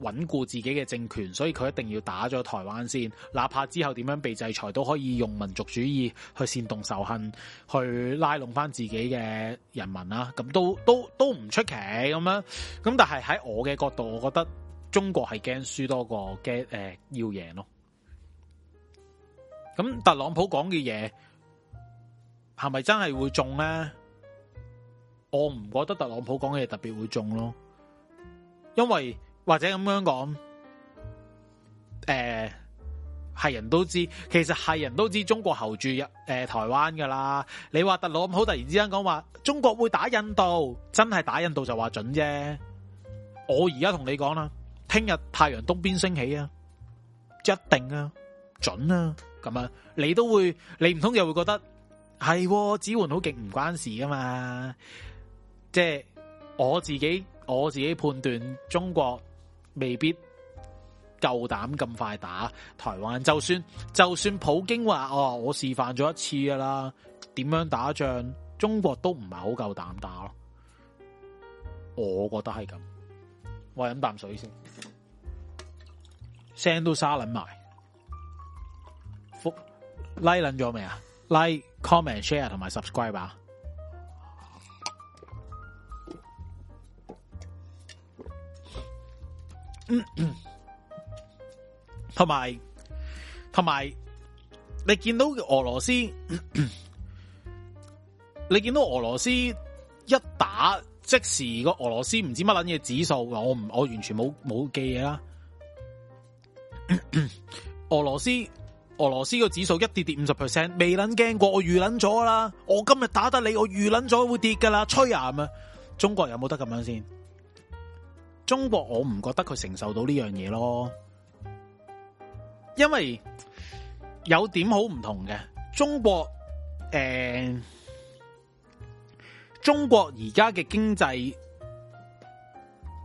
穩固自己嘅政權，所以佢一定要打咗台灣先，哪怕之後點樣被制裁，都可以用民族主義去煽動仇恨，去拉攏翻自己嘅人民啦。咁都都都唔出奇咁樣。咁但係喺我嘅角度，我覺得中國係驚輸多過驚誒、呃、要贏咯。咁特朗普講嘅嘢係咪真係會中呢？我唔覺得特朗普講嘅嘢特別會中咯，因為。或者咁樣講，誒、呃，係人都知，其實係人都知中國候住誒、呃、台灣噶啦。你話特朗普突然之間講話中國會打印度，真係打印度就話準啫。我而家同你講啦，聽日太陽東邊升起啊，一定啊，準啊，咁啊，你都會，你唔通又會覺得係、啊、指援好勁唔關事噶嘛？即、就、係、是、我自己，我自己判斷中國。未必夠膽咁快打台灣，就算就算普京話哦，我示範咗一次噶啦，點樣打仗，中國都唔係好夠膽打咯。我覺得係咁，我飲啖水先，聲都沙捻埋。複 like 捻咗未啊？like comment share 同埋 subscribe 啊。同、嗯、埋，同、嗯、埋，你見到俄羅斯，嗯嗯、你見到俄羅斯一打即時個俄羅斯唔知乜捻嘢指數，我唔我完全冇冇記嘢啦、嗯嗯嗯。俄羅斯俄羅斯個指數一跌跌五十 percent，未捻驚過，我預捻咗啦。我今日打得你，我預捻咗會跌㗎啦，吹啊咁啊！中國有冇得咁樣先？中國我唔覺得佢承受到呢樣嘢咯，因為有點好唔同嘅中國，誒、呃，中國而家嘅經濟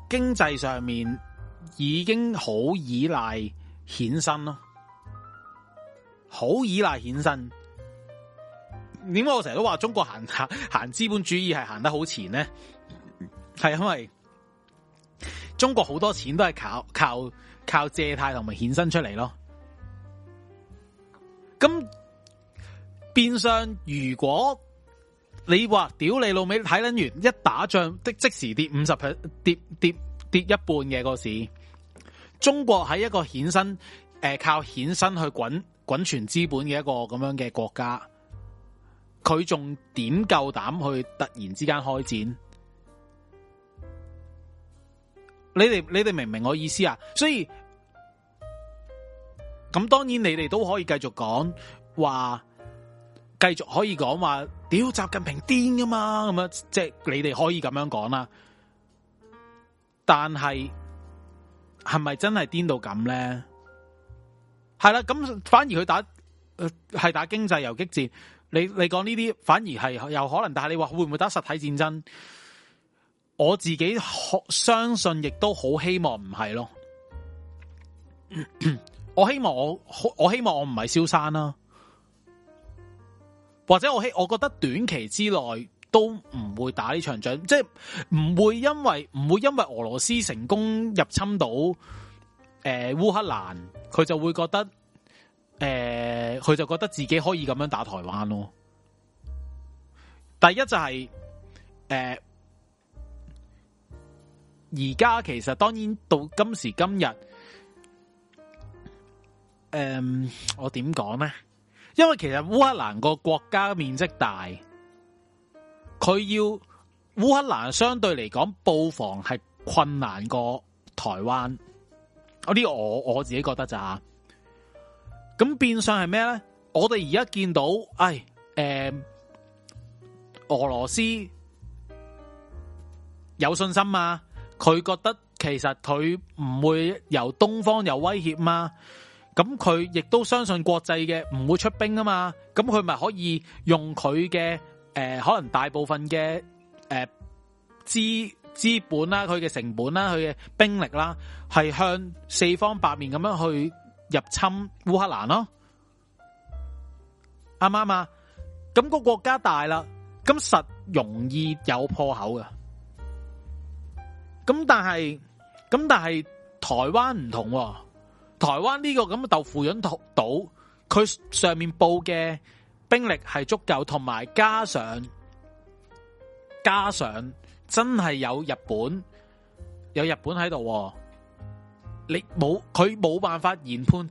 經濟上面已經好依賴衍生咯，好依賴衍生。點解我成日都話中國行行資本主義係行得好前咧？係因為。中國好多錢都係靠靠靠借貸同埋衍生出嚟咯。咁變相，如果你話屌你老味睇捻完一打仗，即即時跌五十 percent，跌跌跌一半嘅個市。中國喺一個衍生誒、呃、靠衍生去滾滾存資本嘅一個咁樣嘅國家，佢仲點夠膽去突然之間開戰？你哋你哋明唔明我意思啊？所以咁當然你哋都可以繼續講話，繼續可以講話，屌習近平癲噶嘛？咁啊，即係你哋可以咁樣講啦。但係係咪真係癲到咁咧？係啦，咁反而佢打，係打經濟遊擊戰。你你講呢啲反而係有可能，但係你話會唔會打實體戰爭？我自己相信，亦都好希望唔係咯我我。我希望我我希望我唔係蕭山啦、啊，或者我希我覺得短期之內都唔會打呢場仗，即係唔會因為唔會因為俄羅斯成功入侵到誒烏、呃、克蘭，佢就會覺得誒佢、呃、就覺得自己可以咁樣打台灣咯。第一就係、是、誒。呃而家其實當然到今時今日，誒、嗯，我點講咧？因為其實烏克蘭個國家面積大，佢要烏克蘭相對嚟講布防係困難過台灣。這我啲我我自己覺得咋吓？咁變相係咩咧？我哋而家見到，唉、哎，誒、嗯，俄羅斯有信心啊！佢覺得其實佢唔會由東方有威脅嘛，咁佢亦都相信國際嘅唔會出兵啊嘛，咁佢咪可以用佢嘅誒可能大部分嘅誒、呃、資資本啦，佢嘅成本啦，佢嘅兵力啦，係向四方八面咁樣去入侵烏克蘭咯，啱唔啱啊？咁、個國家大啦，咁實容易有破口噶。咁但係，咁但係台灣唔同，台灣呢個咁嘅豆腐卵島，佢上面報嘅兵力係足夠，同埋加上加上真係有日本有日本喺度，你冇佢冇辦法研判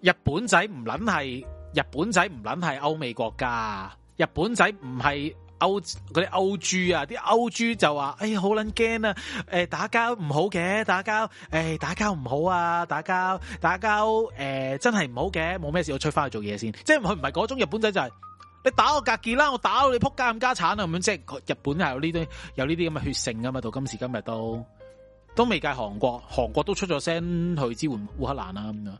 日本仔唔撚係，日本仔唔撚係歐美國家，日本仔唔係。歐嗰啲歐豬啊，啲歐豬就話，哎好捻驚啊！誒，打交唔好嘅，打交誒、呃，打交唔好啊，打交打交誒、呃，真係唔好嘅，冇咩事，我出翻去做嘢先。即係佢唔係嗰種日本仔，就是，就係你打我格杰啦，我打到你仆街咁家產啊咁樣。即係日本係有呢啲有呢啲咁嘅血性㗎嘛，到今時今日都都未計韓國，韓國都出咗聲去支援烏克蘭啦咁樣。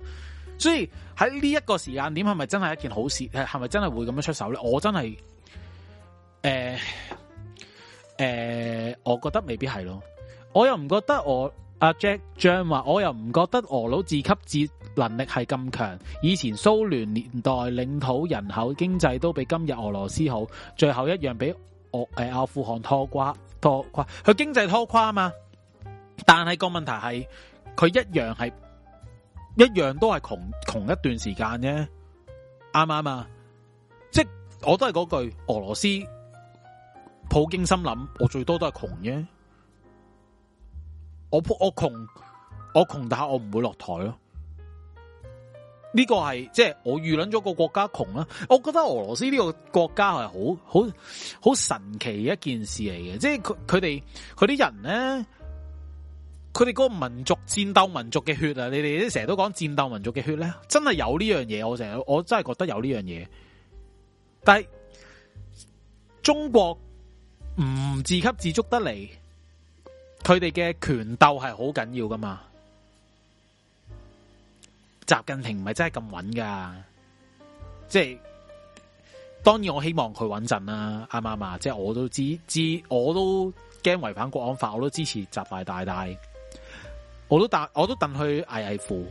所以喺呢一個時間點，係咪真係一件好事？係咪真係會咁樣出手咧？我真係。誒、呃、誒、呃，我覺得未必係咯，我又唔覺得我阿、啊、Jack 張話，我又唔覺得俄佬自給自能力係咁強。以前蘇聯年代領土、人口、經濟都比今日俄羅斯好，最後一樣俾俄誒、呃、阿富汗拖垮拖垮，佢經濟拖垮嘛。但係個問題係佢一樣係一樣都係窮窮一段時間啫，啱唔啱啊？即我都係嗰句俄羅斯。普京心諗，我最多都係窮啫，我扑我窮，我窮打我唔會落台咯。呢個係即係我預諗咗個國家窮啦。我覺得俄羅斯呢個國家係好好好神奇一件事嚟嘅，即係佢佢哋佢啲人咧，佢哋個民族戰鬥民族嘅血啊！你哋成日都講戰鬥民族嘅血咧，真係有呢樣嘢。我成日我真係覺得有呢樣嘢，但係中國。唔自給自足得嚟，佢哋嘅權鬥係好緊要㗎嘛？習近平唔係真係咁穩㗎，即係當然我希望佢穩陣啦，啱唔啱啊？即係我都知知，我都驚違反國安法，我都支持習大大大，我都打我都掟佢捱捱苦，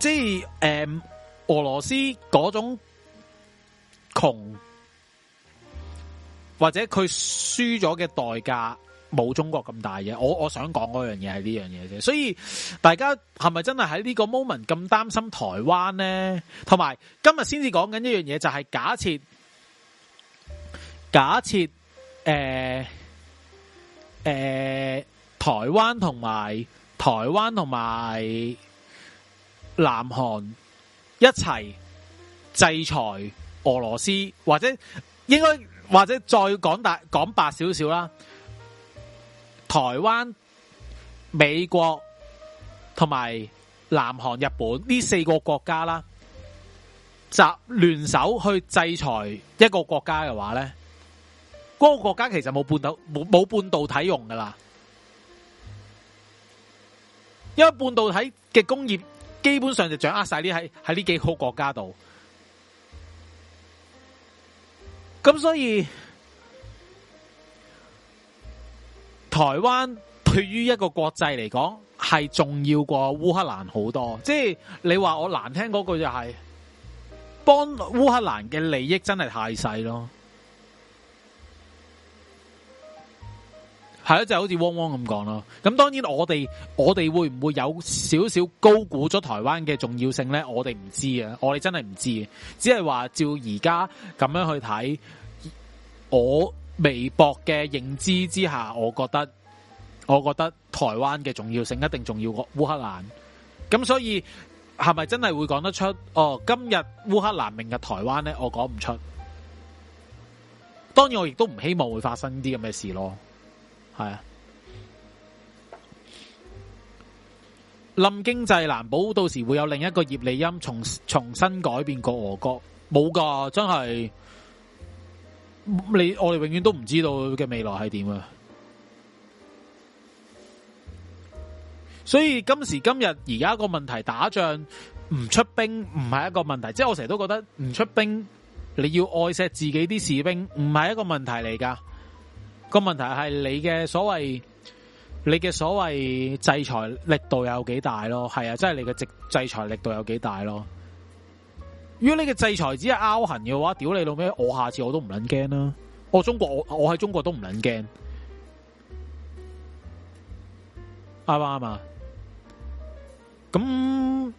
即係誒、嗯、俄羅斯嗰種窮。或者佢輸咗嘅代價冇中國咁大嘅，我我想講嗰樣嘢係呢樣嘢啫。所以大家係咪真係喺呢個 moment 咁擔心台灣咧？同埋今日先至講緊一樣嘢，就係假設，假設誒誒台灣同埋台灣同埋南韓一齊制裁俄羅斯，或者應該。或者再講大講白少少啦，台灣、美國同埋南韓、日本呢四個國家啦，就聯手去制裁一個國家嘅話咧，嗰、嗰個國家其實冇半導冇冇半導體用㗎喇，因為半導體嘅工業基本上就掌握晒啲喺喺呢幾個國家度。咁所以，台灣對於一個國際嚟講係重要過烏克蘭好多，即係你話我難聽嗰句就係，幫烏克蘭嘅利益真係太細咯。係就好似汪汪咁講咯。咁當然我哋我哋會唔會有少少高估咗台灣嘅重要性呢？我哋唔知啊，我哋真係唔知嘅。只係話照而家咁樣去睇，我微薄嘅認知之下，我覺得我覺得台灣嘅重要性一定重要過烏克蘭。咁所以係咪真係會講得出？哦，今日烏克蘭，明日台灣呢，我講唔出。當然我亦都唔希望會發生啲咁嘅事咯。係啊，冧經濟難保，到時會有另一個葉利欽，重重新改變個俄國，冇噶，真係你我哋永遠都唔知道嘅未來係點啊！所以今時今日而家個問題，打仗唔出兵唔係一個問題，即係我成日都覺得唔出兵，你要愛錫自己啲士兵，唔係一個問題嚟噶。個問題係你嘅所謂，你嘅所謂制裁力度有幾大咯？係啊，即係你嘅制制裁力度有幾大咯？如果你嘅制裁只係拗痕嘅話，屌你老味，我下次我都唔捻驚啦。我中國，我我喺中國都唔捻驚，啱啱啱啊。咁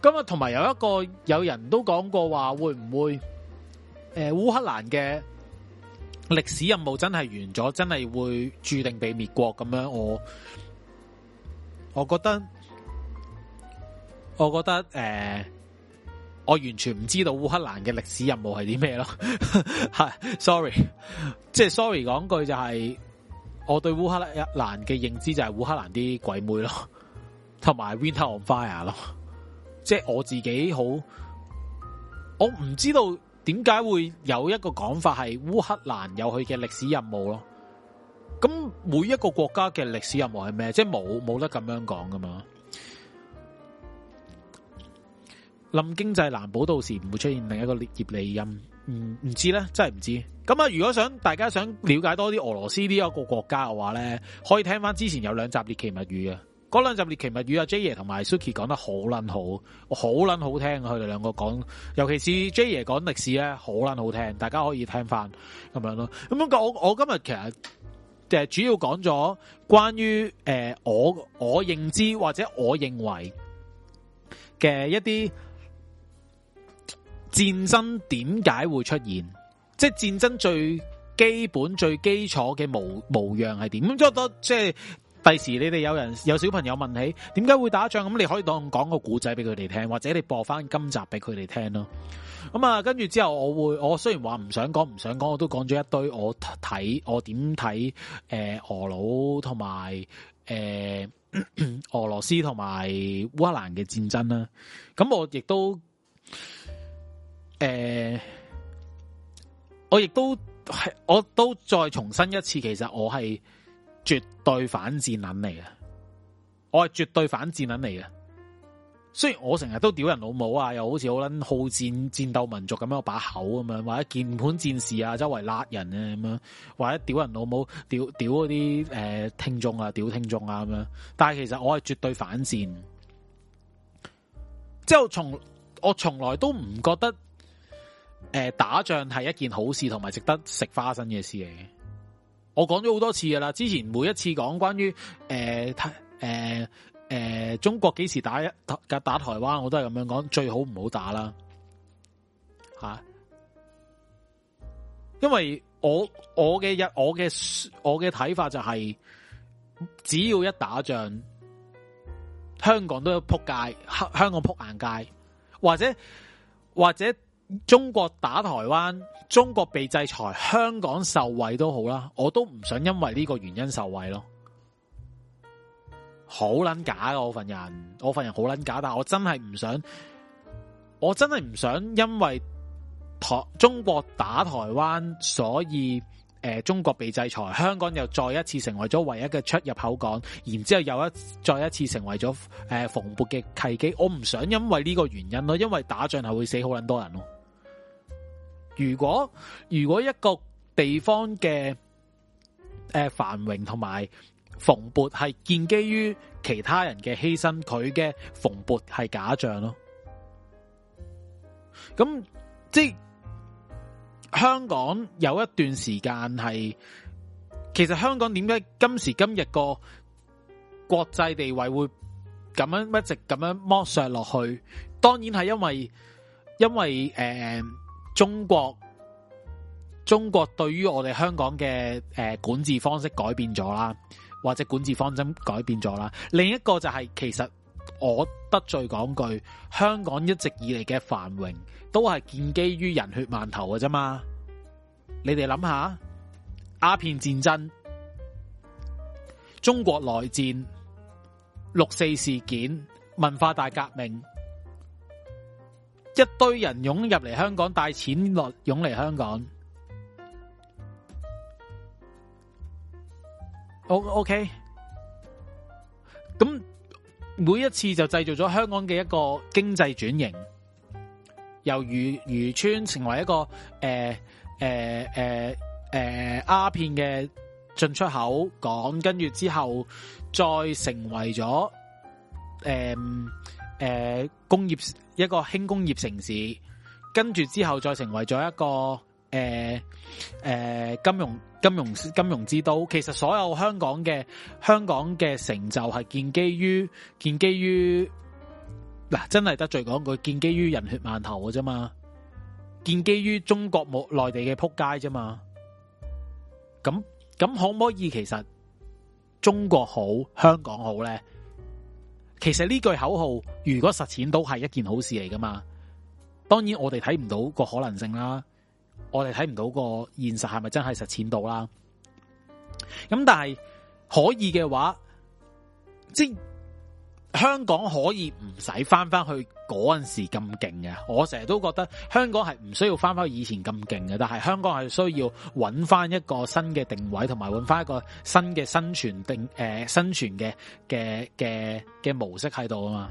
咁啊，同埋有一個有人都講過話，會唔會誒烏克蘭嘅？歷史任務真係完咗，真係會注定被滅國咁樣我。我我覺得，我覺得，誒、呃，我完全唔知道烏克蘭嘅歷史任務係啲咩咯。係 ，sorry，即 係 sorry 講句就係、是，我對烏克蘭嘅認知就係烏克蘭啲鬼妹咯，同埋 Winter on Fire 咯，即、就、係、是、我自己好，我唔知道。點解會有一個講法係烏克蘭有佢嘅歷史任務咯？咁每一個國家嘅歷史任務係咩？即係冇冇得咁樣講噶嘛？冧經濟難保，到時唔會出現另一個葉利欽？唔、嗯、唔知咧，真係唔知。咁啊，如果想大家想了解多啲俄羅斯呢一個國家嘅話咧，可以聽翻之前有兩集列奇物語嘅。嗰兩集《列奇物語》啊，J 爺同埋 Suki 講得好撚好，好撚好聽。佢哋兩個講，尤其是 J 爺講歷史咧，好撚好聽。大家可以聽翻咁樣咯。咁樣我我今日其實主要講咗關於誒、呃、我我認知或者我認為嘅一啲戰爭點解會出現，即係戰爭最基本最基礎嘅模模樣係點。咁覺得即係。第時你哋有人有小朋友問起，點解會打仗咁？那你可以當講個古仔俾佢哋聽，或者你播翻今集俾佢哋聽咯。咁啊，跟住之後我會，我雖然話唔想講，唔想講，我都講咗一堆我睇。我睇我點睇誒，俄佬同埋誒俄羅斯同埋烏克蘭嘅戰爭啦。咁我亦都誒，我亦都係，我都再重申一次，其實我係。絕對反戰捻嚟嘅，我係絕對反戰捻嚟嘅。雖然我成日都屌人老母啊，又好似好捻好戰戰鬥民族咁樣把口咁樣，或者鍵盤戰士啊，周圍甩人啊咁樣，或者屌人老母，屌屌嗰啲誒聽眾啊，屌聽眾啊咁樣。但係其實我係絕對反戰，之後從我從來都唔覺得誒、呃、打仗係一件好事，同埋值得食花生嘅事嚟。我講咗好多次噶啦，之前每一次講關於誒誒誒中國幾時打一打，打台灣，我都係咁樣講，最好唔好打啦，吓，因為我我嘅日我嘅我嘅睇法就係，只要一打仗，香港都有扑街，香港扑硬街，或者或者。中國打台灣，中國被制裁，香港受惠都好啦，我都唔想因為呢個原因受惠咯。好撚假㗎我份人，我份人好撚假，但係我真係唔想，我真係唔想因為台中國打台灣，所以誒、呃、中國被制裁，香港又再一次成為咗唯一嘅出入口港，然之後又一再一次成為咗誒蓬勃嘅契機，我唔想因為呢個原因咯，因為打仗係會死好撚多人咯。如果如果一個地方嘅誒繁榮同埋蓬勃係建基於其他人嘅犧牲，佢嘅蓬勃係假象咯。咁即係香港有一段時間係，其實香港點解今時今日個國際地位會咁樣一直咁樣剝削落去？當然係因為因為誒。呃中國中國對於我哋香港嘅、誒、呃、管治方式改變咗啦，或者管治方針改變咗啦。另一個就係、是，其實我得罪講句，香港一直以嚟嘅繁榮都係建基於人血饅頭嘅啫嘛。你哋諗下鴉片戰爭、中國內戰、六四事件、文化大革命。一堆人湧入嚟香港，帶錢落湧嚟香港。O OK，咁每一次就製造咗香港嘅一個經濟轉型，由漁漁村成為一個誒誒誒誒鴉片嘅進出口港，跟住之後再成為咗誒誒工業。一個輕工業城市，跟住之後再成為咗一個誒誒、呃呃、金融金融金融之都。其實所有香港嘅香港嘅成就係建基於建基於，嗱真係得罪講句，建基於人血饅頭㗎啫嘛，建基於中國冇內地嘅撲街啫嘛。咁咁可唔可以其實中國好，香港好咧？其實呢句口號如果實踐到係一件好事嚟㗎嘛，當然我哋睇唔到個可能性啦，我哋睇唔到個現實係咪真係實踐到啦？咁但係可以嘅話，即香港可以唔使翻翻去嗰陣時咁勁嘅，我成日都覺得香港係唔需要翻翻以前咁勁嘅，但係香港係需要揾翻一個新嘅定位，同埋揾翻一個新嘅生存定誒、呃、生存嘅嘅嘅嘅模式喺度啊嘛，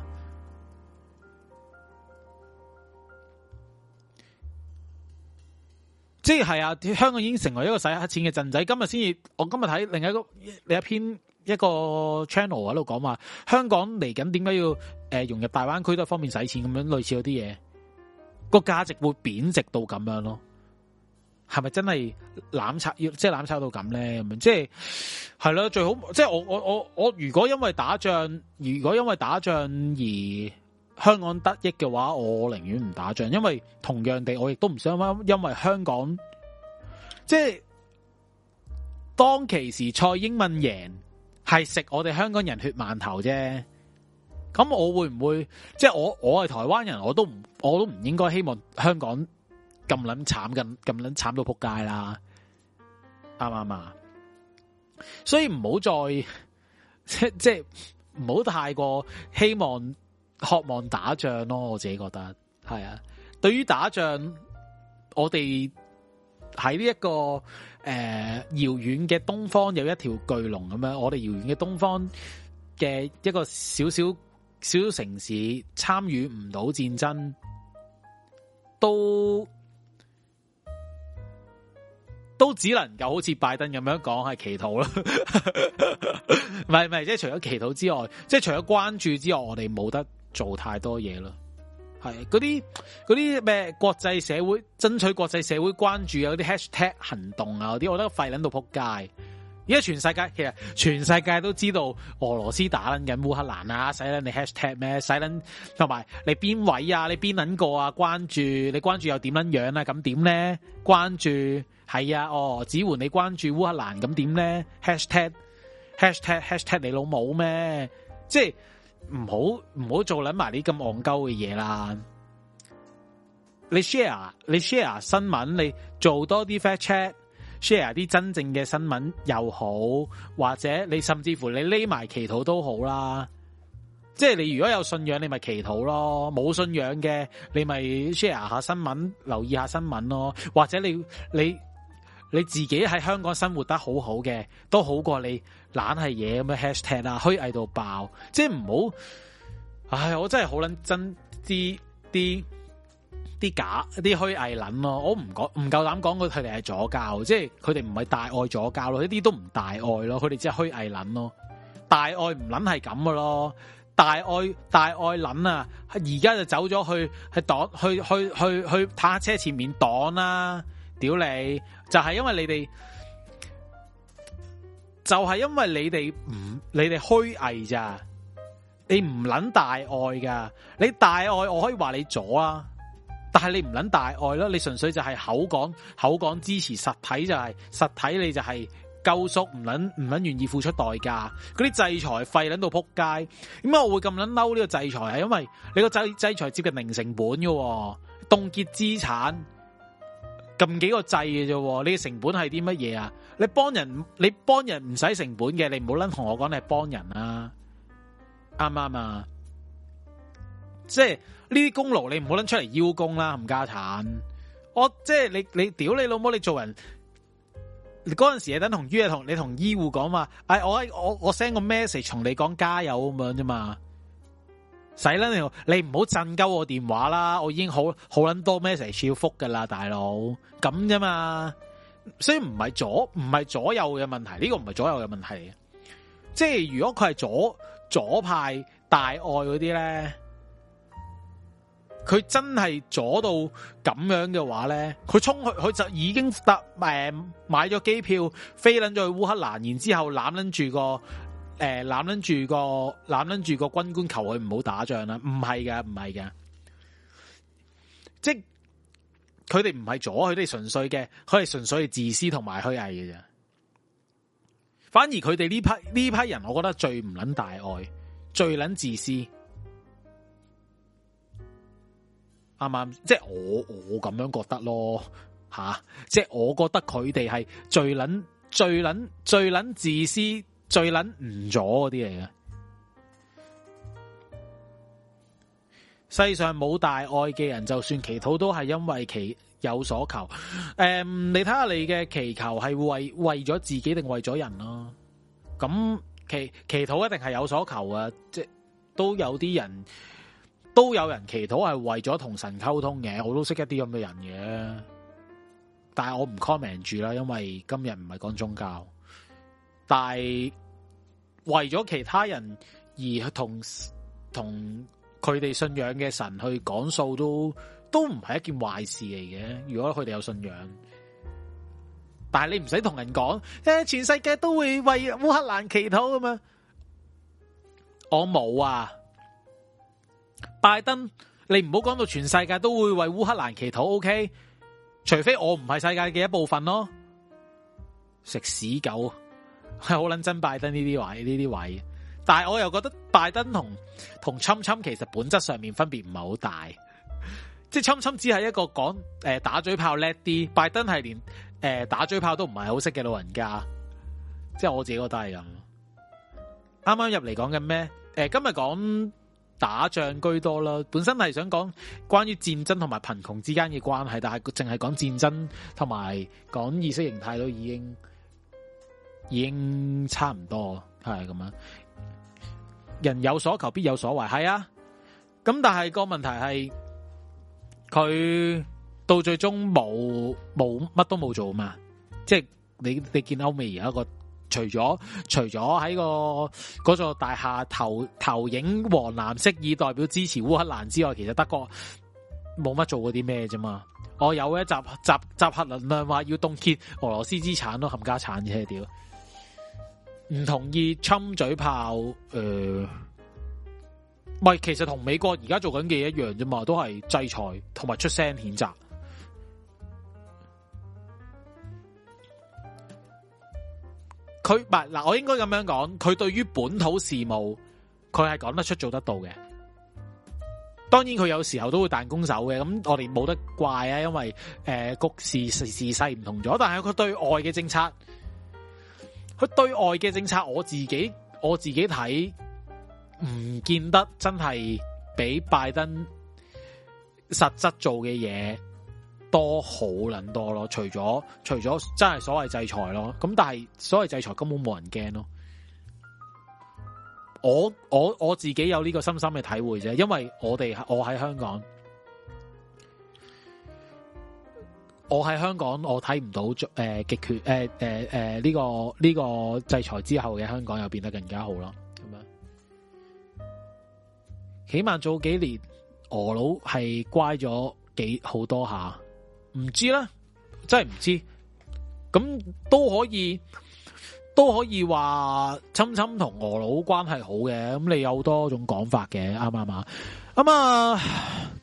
即係啊，香港已經成為一個洗黑錢嘅陣仔，今日先至我今日睇另一個另一篇。一個 channel 喺度講話，香港嚟緊點解要誒、呃、融入大灣區，都係方便使錢咁樣類似嗰啲嘢，個價值會貶值到咁樣咯？係咪真係攬炒？要即係攬炒到咁咧？咁樣即係係咯？最好即係我我我我，我如果因為打仗，如果因為打仗而香港得益嘅話，我，我寧願唔打仗，因為同樣地我，我亦都唔想因因為香港即係當其時蔡英文贏。係食我哋香港人血饅頭啫，咁我會唔會即係我我係台灣人，我都唔我都唔應該希望香港咁捻慘咁咁捻慘到扑街啦，啱嘛，啱嘛，所以唔好再即即唔好太過希望渴望打仗咯，我自己覺得係啊，對於打仗我哋。喺呢一個誒、呃、遙遠嘅東方有一條巨龍咁樣，我哋遙遠嘅東方嘅一個小小小小城市參與唔到戰爭，都都只能夠好似拜登咁樣講係祈禱咯。唔係唔係，即係除咗祈禱之外，即係除咗關注之外，我哋冇得做太多嘢咯。係嗰啲嗰啲咩國際社會爭取國際社會關注啊啲 hashtag 行動啊嗰啲，我覺得廢捻到仆街。而家全世界其實全世界都知道俄羅斯打捻緊烏克蘭啊，使捻你 hashtag 咩？使捻同埋你邊位啊？你邊捻個啊？關注你關注又點樣樣啊？咁點咧？關注係啊？哦，只援你關注烏克蘭咁點咧？hashtag hashtag hashtag 你老母咩、啊？即係。唔好唔好做諗埋啲咁戇鳩嘅嘢啦！你 share 你 share 新聞，你做多啲 fact check，share 啲真正嘅新聞又好，或者你甚至乎你匿埋祈禱都好啦。即係你如果有信仰，你咪祈禱咯；冇信仰嘅，你咪 share 下新聞，留意下新聞咯。或者你你你自己喺香港生活得好好嘅，都好過你。懶係嘢咁樣 hashtag 啊，虛偽到爆，即係唔好，唉，我真係好捻憎啲啲啲假啲虛偽捻咯，我唔講唔夠膽講佢哋係左教，即係佢哋唔係大愛左教咯，一啲都唔大愛咯，佢哋只係虛偽捻咯，大愛唔捻係咁噶咯，大愛大愛捻啊，而家就走咗去係擋去去去去坦克車前面擋啦，屌你，就係、是、因為你哋。就係、是、因為你哋唔你哋虛偽咋，你唔捻大愛噶，你大愛我可以話你咗啊，但係你唔捻大愛咯，你純粹就係口講口講支持實體就係、是、實體你就係鳩縮唔捻唔捻願意付出代價，嗰啲制裁費捻到撲街。點解我會咁捻嬲呢個制裁？係因為你個制制裁接近零成本噶凍結資產。撳幾個掣嘅啫，你嘅成本係啲乜嘢啊？你幫人，你幫人唔使成本嘅，你唔好捻同我講你係幫人啊，啱唔啱啊？即係呢啲功勞你唔好捻出嚟邀功啦，冚家鏟！我即係、就是、你你屌你，你老母，你做人，嗰陣時係等同於係同你同醫護講嘛，哎我我我 send 個 message 同你講加油咁樣啫嘛。使啦你，你唔好震鳩我電話啦！我已經好好捻多 message 要複㗎啦，大佬咁啫嘛。所以唔係左唔係左右嘅問題，呢個唔係左右嘅問題。即係如果佢係左左派大愛嗰啲咧，佢真係左到咁樣嘅話咧，佢沖去佢就已經搭誒、呃、買咗機票飛捻咗去烏克蘭，然之後攬捻住個。誒，攬捻住個攬捻住個軍官求佢唔好打仗啦，唔係嘅，唔係嘅。即佢哋唔係阻佢哋，純粹嘅，佢係純粹嘅自私同埋虛偽嘅啫。反而佢哋呢批呢批人，我覺得最唔捻大愛，最捻自私，啱唔啱？即係我我咁樣覺得咯，吓、啊，即係我覺得佢哋係最捻最捻最捻自私。最捻唔咗嗰啲嚟嘅，世上冇大愛嘅人，就算祈禱都係因為祈有所求。誒、嗯，你睇下你嘅祈求係為為咗自己定為咗人咯、啊？咁祈祈禱一定係有所求啊！即都有啲人，都有人祈禱係為咗同神溝通嘅。我都識一啲咁嘅人嘅，但係我唔 comment 住啦，因為今日唔係講宗教，但係。為咗其他人而同同佢哋信仰嘅神去講數，都都唔係一件壞事嚟嘅，如果佢哋有信仰。但係你唔使同人講，誒、欸，全世界都會為烏克蘭祈禱㗎嘛。我冇啊！拜登，你唔好講到全世界都會為烏克蘭祈禱，OK？除非我唔係世界嘅一部分咯，食屎狗！係好捻憎拜登呢啲位，呢啲位，但係我又覺得拜登同同侵侵其實本質上面分別唔係好大，即係侵侵只係一個講誒、呃、打嘴炮叻啲，拜登係連誒、呃、打嘴炮都唔係好識嘅老人家，即係我自己覺得係咁。啱啱入嚟講緊咩？誒、呃，今日講打仗居多啦，本身係想講關於戰爭同埋貧窮之間嘅關係，但係淨係講戰爭同埋講意識形態都已經。已經差唔多，係咁樣。人有所求必有所為，係啊！咁但係個問題係佢到最終冇冇乜都冇做啊嘛！即係你你見歐美有一個除咗除咗喺個嗰座大廈投投影黃藍色以代表支持烏克蘭之外，其實德國冇乜做過啲咩啫嘛！我有一集集集核能量話要凍結俄羅斯資產咯、啊，冚家鏟嘢屌！唔同意侵嘴炮，誒，唔係，其實同美國而家做緊嘅一樣啫嘛，都係制裁同埋出聲譴責。佢唔嗱，我應該咁樣講，佢對於本土事務，佢係講得出做得到嘅。當然佢有時候都會彈弓手嘅，咁我哋冇得怪啊，因為誒、呃、局勢時勢唔同咗。但係佢對外嘅政策。佢對外嘅政策，我自己我自己睇唔見得真係比拜登實質做嘅嘢多好撚多咯，除咗除咗真係所謂制裁咯，咁但係所謂制裁根本冇人驚咯。我我我自己有呢個深深嘅體會啫，因為我哋我喺香港。我喺香港，我睇唔到做誒極權誒誒誒呢個呢、呢個制裁之後嘅香港又變得更加好咯，咁、嗯、樣起碼早幾年俄佬係乖咗幾好多下，唔知啦，真係唔知，咁都可以都可以話侵侵同俄佬關係好嘅，咁你有好多種講法嘅，啱唔啱？啱咁啊。嗯嗯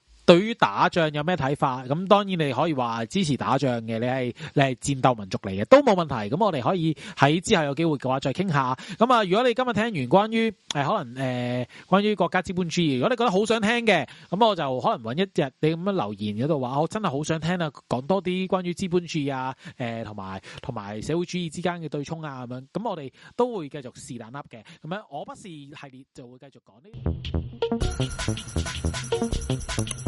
對於打仗有咩睇法？咁當然你可以話支持打仗嘅，你係你係戰鬥民族嚟嘅都冇問題。咁我哋可以喺之後有機會嘅話再傾下。咁啊，如果你今日聽完關於誒可能誒、呃、關於國家資本主義，如果你覺得好想聽嘅，咁我就可能揾一日你咁樣留言嗰度話，我真係好想聽啊，講多啲關於資本主義啊，誒同埋同埋社會主義之間嘅對沖啊，咁樣咁我哋都會繼續試彈 Up 嘅。咁樣我不是系列就會繼續講呢。